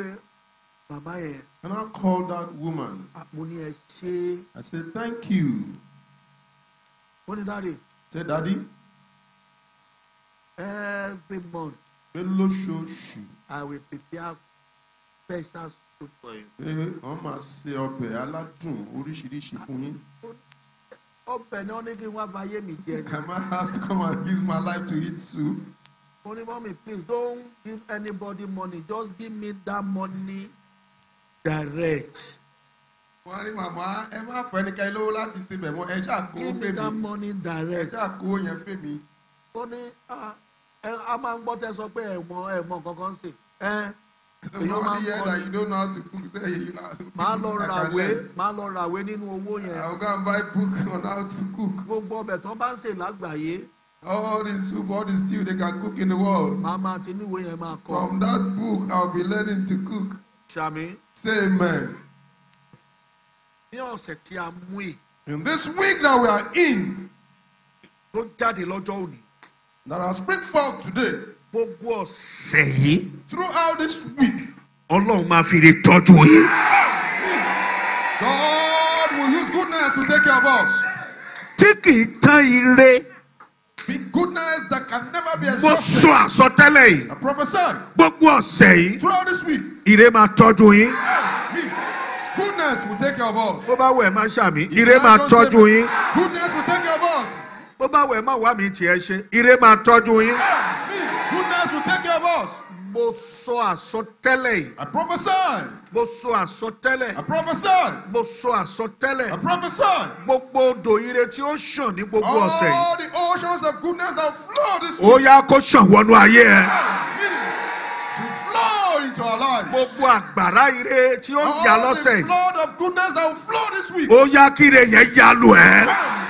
bàbá yẹn. can I call that woman. mo ní ẹ ṣe. I say thank you. ó ní dáre. say daddy. every month. pé lóṣooṣù. I will prepare special food for you. pé wọ́n máa ṣe ọbẹ̀ aládùn oríṣiríṣi fún yín. ọbẹ̀ náà ní kí n wá fayé mi jẹ. I might have to come and use my life to eat soup. mo ní mọ́mí please don't give anybody money just give me that money direct. wọ́n rí màmá ẹ má fọ ẹnikẹ́ni lówó láti ṣe bẹ̀ mọ́ ẹ ṣàkó fèmí. give me that money direct. Ah, ẹ ṣàkó yẹn fèmí. ó ní a máa ń gbọ́ tẹ́ sọ pé ẹ̀wọ̀n ẹ̀wọ̀n kankan ṣe èyí máa ń kọ́ máa lọ ràwé máa lọ ràwé nínú owó yẹn. I will go and buy book on how to cook. gbogbo ọbẹ̀ tó bá ń ṣe lágbàáyé. all the soup all the stew they can cook in the world. màmá tinúwe yẹn máa kọ. from that book I will be learning to cook. sami. say amen. ní ọ̀sẹ̀ tí a mú yìí. in this week that we are in. tó jáde lọ́jọ́ òní. that I spring forth today gbogbo ọ̀sẹ̀ yìí. throughout this week. ọlọ́run máa fi ire tọ́jú yín. God will use goodness to take care of us. tí kì í tán ire. Be goodness that can never be exhausted. mo sọ àsọtẹ́lẹ̀ yìí. I prophesy. gbogbo ọ̀sẹ̀ yìí. throughout this week. ire máa tọ́jú yín. goodness will take care of us. bó bá wẹ̀ máa ṣàmì ire máa tọ́jú yín. goodness will take care of us. bó bá wẹ̀ máa wà mí tiẹ̀ ṣe ire máa tọ́jú yín. Yeah mo sọ àsọtẹ́lẹ̀ yìí. I prophesy. mo sọ àsọtẹ́lẹ̀. I prophesy. mo sọ àsọtẹ́lẹ̀. I prophesy. gbogbo odò ire tí ó ṣàn ní gbogbo ọ̀sẹ̀ yìí. all the oceans of goodness that flow this week. ó yá kó ṣàn wọnú ayé ẹ. Ah, gbogbo àgbàrá ire tí ó yà lọ́sẹ̀ yìí. all the flood of goodness that flow this week. ó yá kíre yẹn yálù ẹ. Yeah.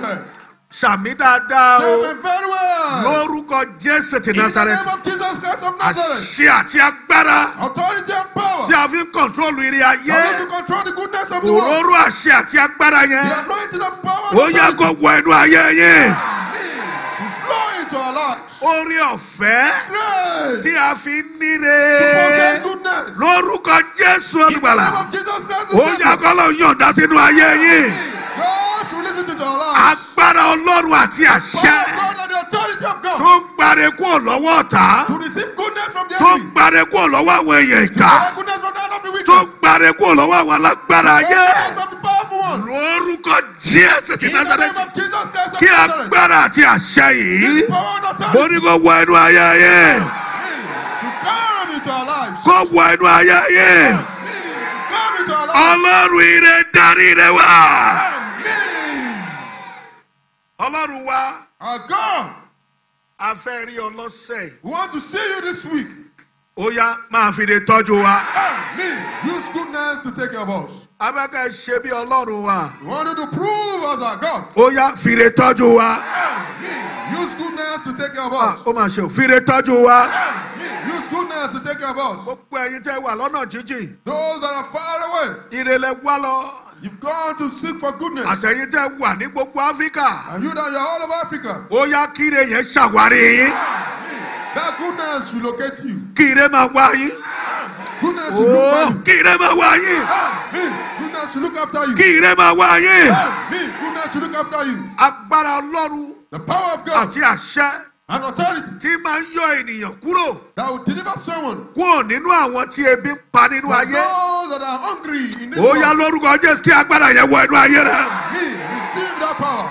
good. Sàmì dáadáa o. Sàmì Lórúkọ Jésù ti Nazareth. In the name of Jesus Christ of Nazareth. Àṣẹ àti agbára. Authority and power. Tí a fi ń kọ̀ntrólù ire ayé. How to control the goodness of the world. Òróró àṣẹ àti agbára yẹn. The anointing of power. Ó yẹ kó wọ inú ayé yín. Should flow our lives. Orí ọ̀fẹ́. Grace. Tí a fi ń níre. To possess goodness. Lórúkọ Jésù olùgbàlà. of Jesus Christ the Savior. Ó yẹ kó lọ yọ̀ǹda sínú ayé yín. Amen agbára ọlọ́run àti àṣẹ oh tó ń gbàre kúrò lọ́wọ́ ọ̀tá tó ń gbàre kúrò lọ́wọ́ àwọn èèyàn ìka tó ń gbàre kúrò lọ́wọ́ àwọn alágbára ayé lórúkọ Jésù ti Násárẹ́tì kí agbára àti àṣẹ yìí mo ní kó wọ inú ayé ayé kó wọ inú ayé ayé ọlọ́run ire darí rẹ wá. Ọlọ́run wa. Our God. A fẹ́ rí ọ lọ́sẹ̀. We want to see you this week. Ó yá máa fi de tọ́jú wa. Amen. Use goodness to take care of us. Abẹ́kẹ́ ṣe bí Ọlọ́run wa. We you to prove us our God. Ó yá fi de tọ́jú wa. Amen. Use goodness to take care of ah, us. Ó máa ṣe o, fi de tọ́jú wa. Use goodness to take care of us. Gbogbo ẹ̀yin tẹ́ wà lọ́nà jíjìn. Those that are far away. Ìrẹ̀lẹ̀ wá lọ. You've gone to seek for goodness. Àtẹ̀yìn tẹ́ wà ní gbogbo Áfíríkà. And you that you are all over Africa. Ó yá kíre yẹn ṣàwárí That goodness should locate you. Kíre máa wá yín. Goodness will look for you. Kíre máa wá yín. Goodness should look after you. Kíre máa wá yín. Goodness should look after you. Agbára Ọlọ́run. The power of God. Àti àṣẹ an authority. tí máa ń yọ ènìyàn kúrò. that will deliver someone. kúrò nínú àwọn tí ebi ń pa nínú ayé. for those that are hungry in this world. ó yá lórúkọ Jésù kí agbára yẹn wọ inú ayé rẹ. me receive that power.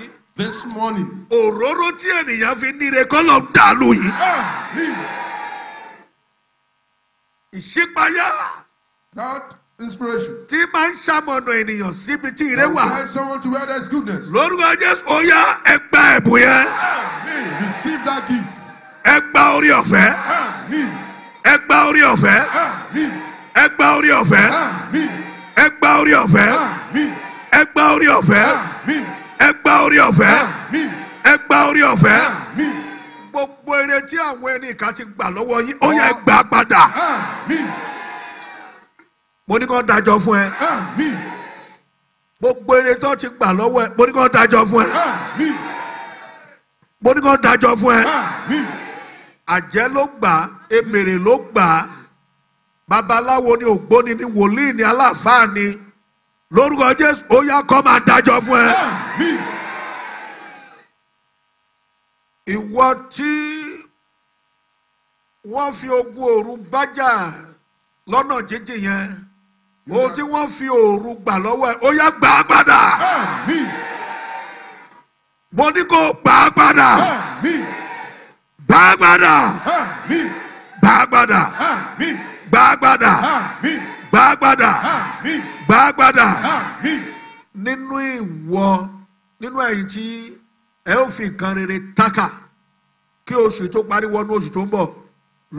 this morning. òróró tí ènìyàn fi níre kọ́lọ̀ ń dàlú yìí. ìṣípayá. that inspiration. tí máa ń ṣàmọ̀nà ènìyàn síbi tí ire wà. I tell someone to wear their goodness. lórúkọ Jésù ó yá ẹ gba ẹ̀bùn yẹn. receive that gift. ẹ gba orí ọ̀fẹ́. ẹ gba orí ọ̀fẹ́. Me. gba orí ọ̀fẹ́. ẹ gba orí ọ̀fẹ́. ẹ gba orí ọ̀fẹ́ ẹ gba orí ọ̀fẹ́ ẹ gba orí ọ̀fẹ́ gbogbo èrè tí àwọn ẹni ìka ti gbà lọ́wọ́ yín ó yẹ gbà padà mo ní kó dájọ́ fún ẹ gbogbo èrè tó ti gbà lọ́wọ́ ẹ mo ní kó dájọ́ fún ẹ mo ní kó dájọ́ fún ẹ àjẹ́ ló gbà emèrè ló gbà babaláwo ni ògbóni ni wòlíì ni aláàfáà ni lórúkọ Jésù ó yá kó máa dájọ́ fún ẹ. ìwọ tí wọ́n fi ogun òru bájà lọ́nà jíjìn yẹn tí wọ́n fi òru gbà lọ́wọ́ ẹ̀ ó yá gbà á padà mo ní kó gbà á padà gbà á padà gbà á nínú ìwọ nínú ẹ̀yìn tí. ẹ ó fi nǹkan rere tákà kí oṣù tó parí wọnú oṣù tó ń bọ̀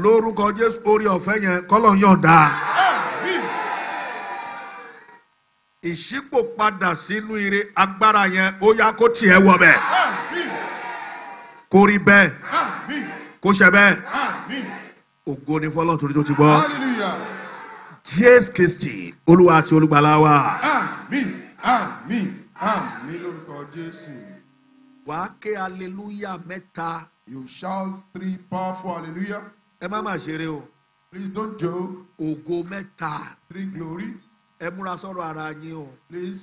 lórúkọ jésù orí ọ̀fẹ́ yẹn kọ́lọ̀ yọ̀ǹda. ìṣípòpadà sínú ire agbára yẹn ó yá kó tiẹ̀ wọ̀ bẹ́ẹ̀ kó rí bẹ́ẹ̀ kó ṣe bẹ́ẹ̀ ògo ni fọlọ́n torí tó ti gbọ́ jésù kristi olúwa àti olùgbàlà wa. àmín àmín àmín lórúkọ jésù wàá ké aleluya mẹ́ta. you shout three powerful hallelujah. ẹ má má ṣeré o. please don't joke. ògo mẹ́ta. three glory. ẹ múra sọ̀rọ̀ ara yín o. please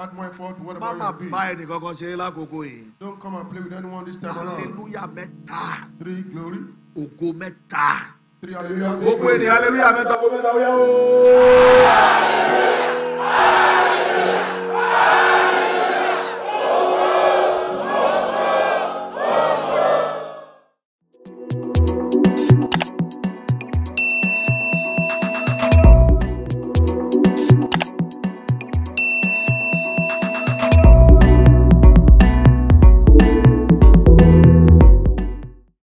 add more effort whatever Mama you be. má má bá ẹnìkankan ṣeré lákòókò yìí. don't come and play with anyone this time around. hallelujah mẹ́ta. three glory. ògo mẹ́ta. three hallelujah. gbogbo ènìyàn hallelujah mẹ́ta. gbogbo mẹ́ta ó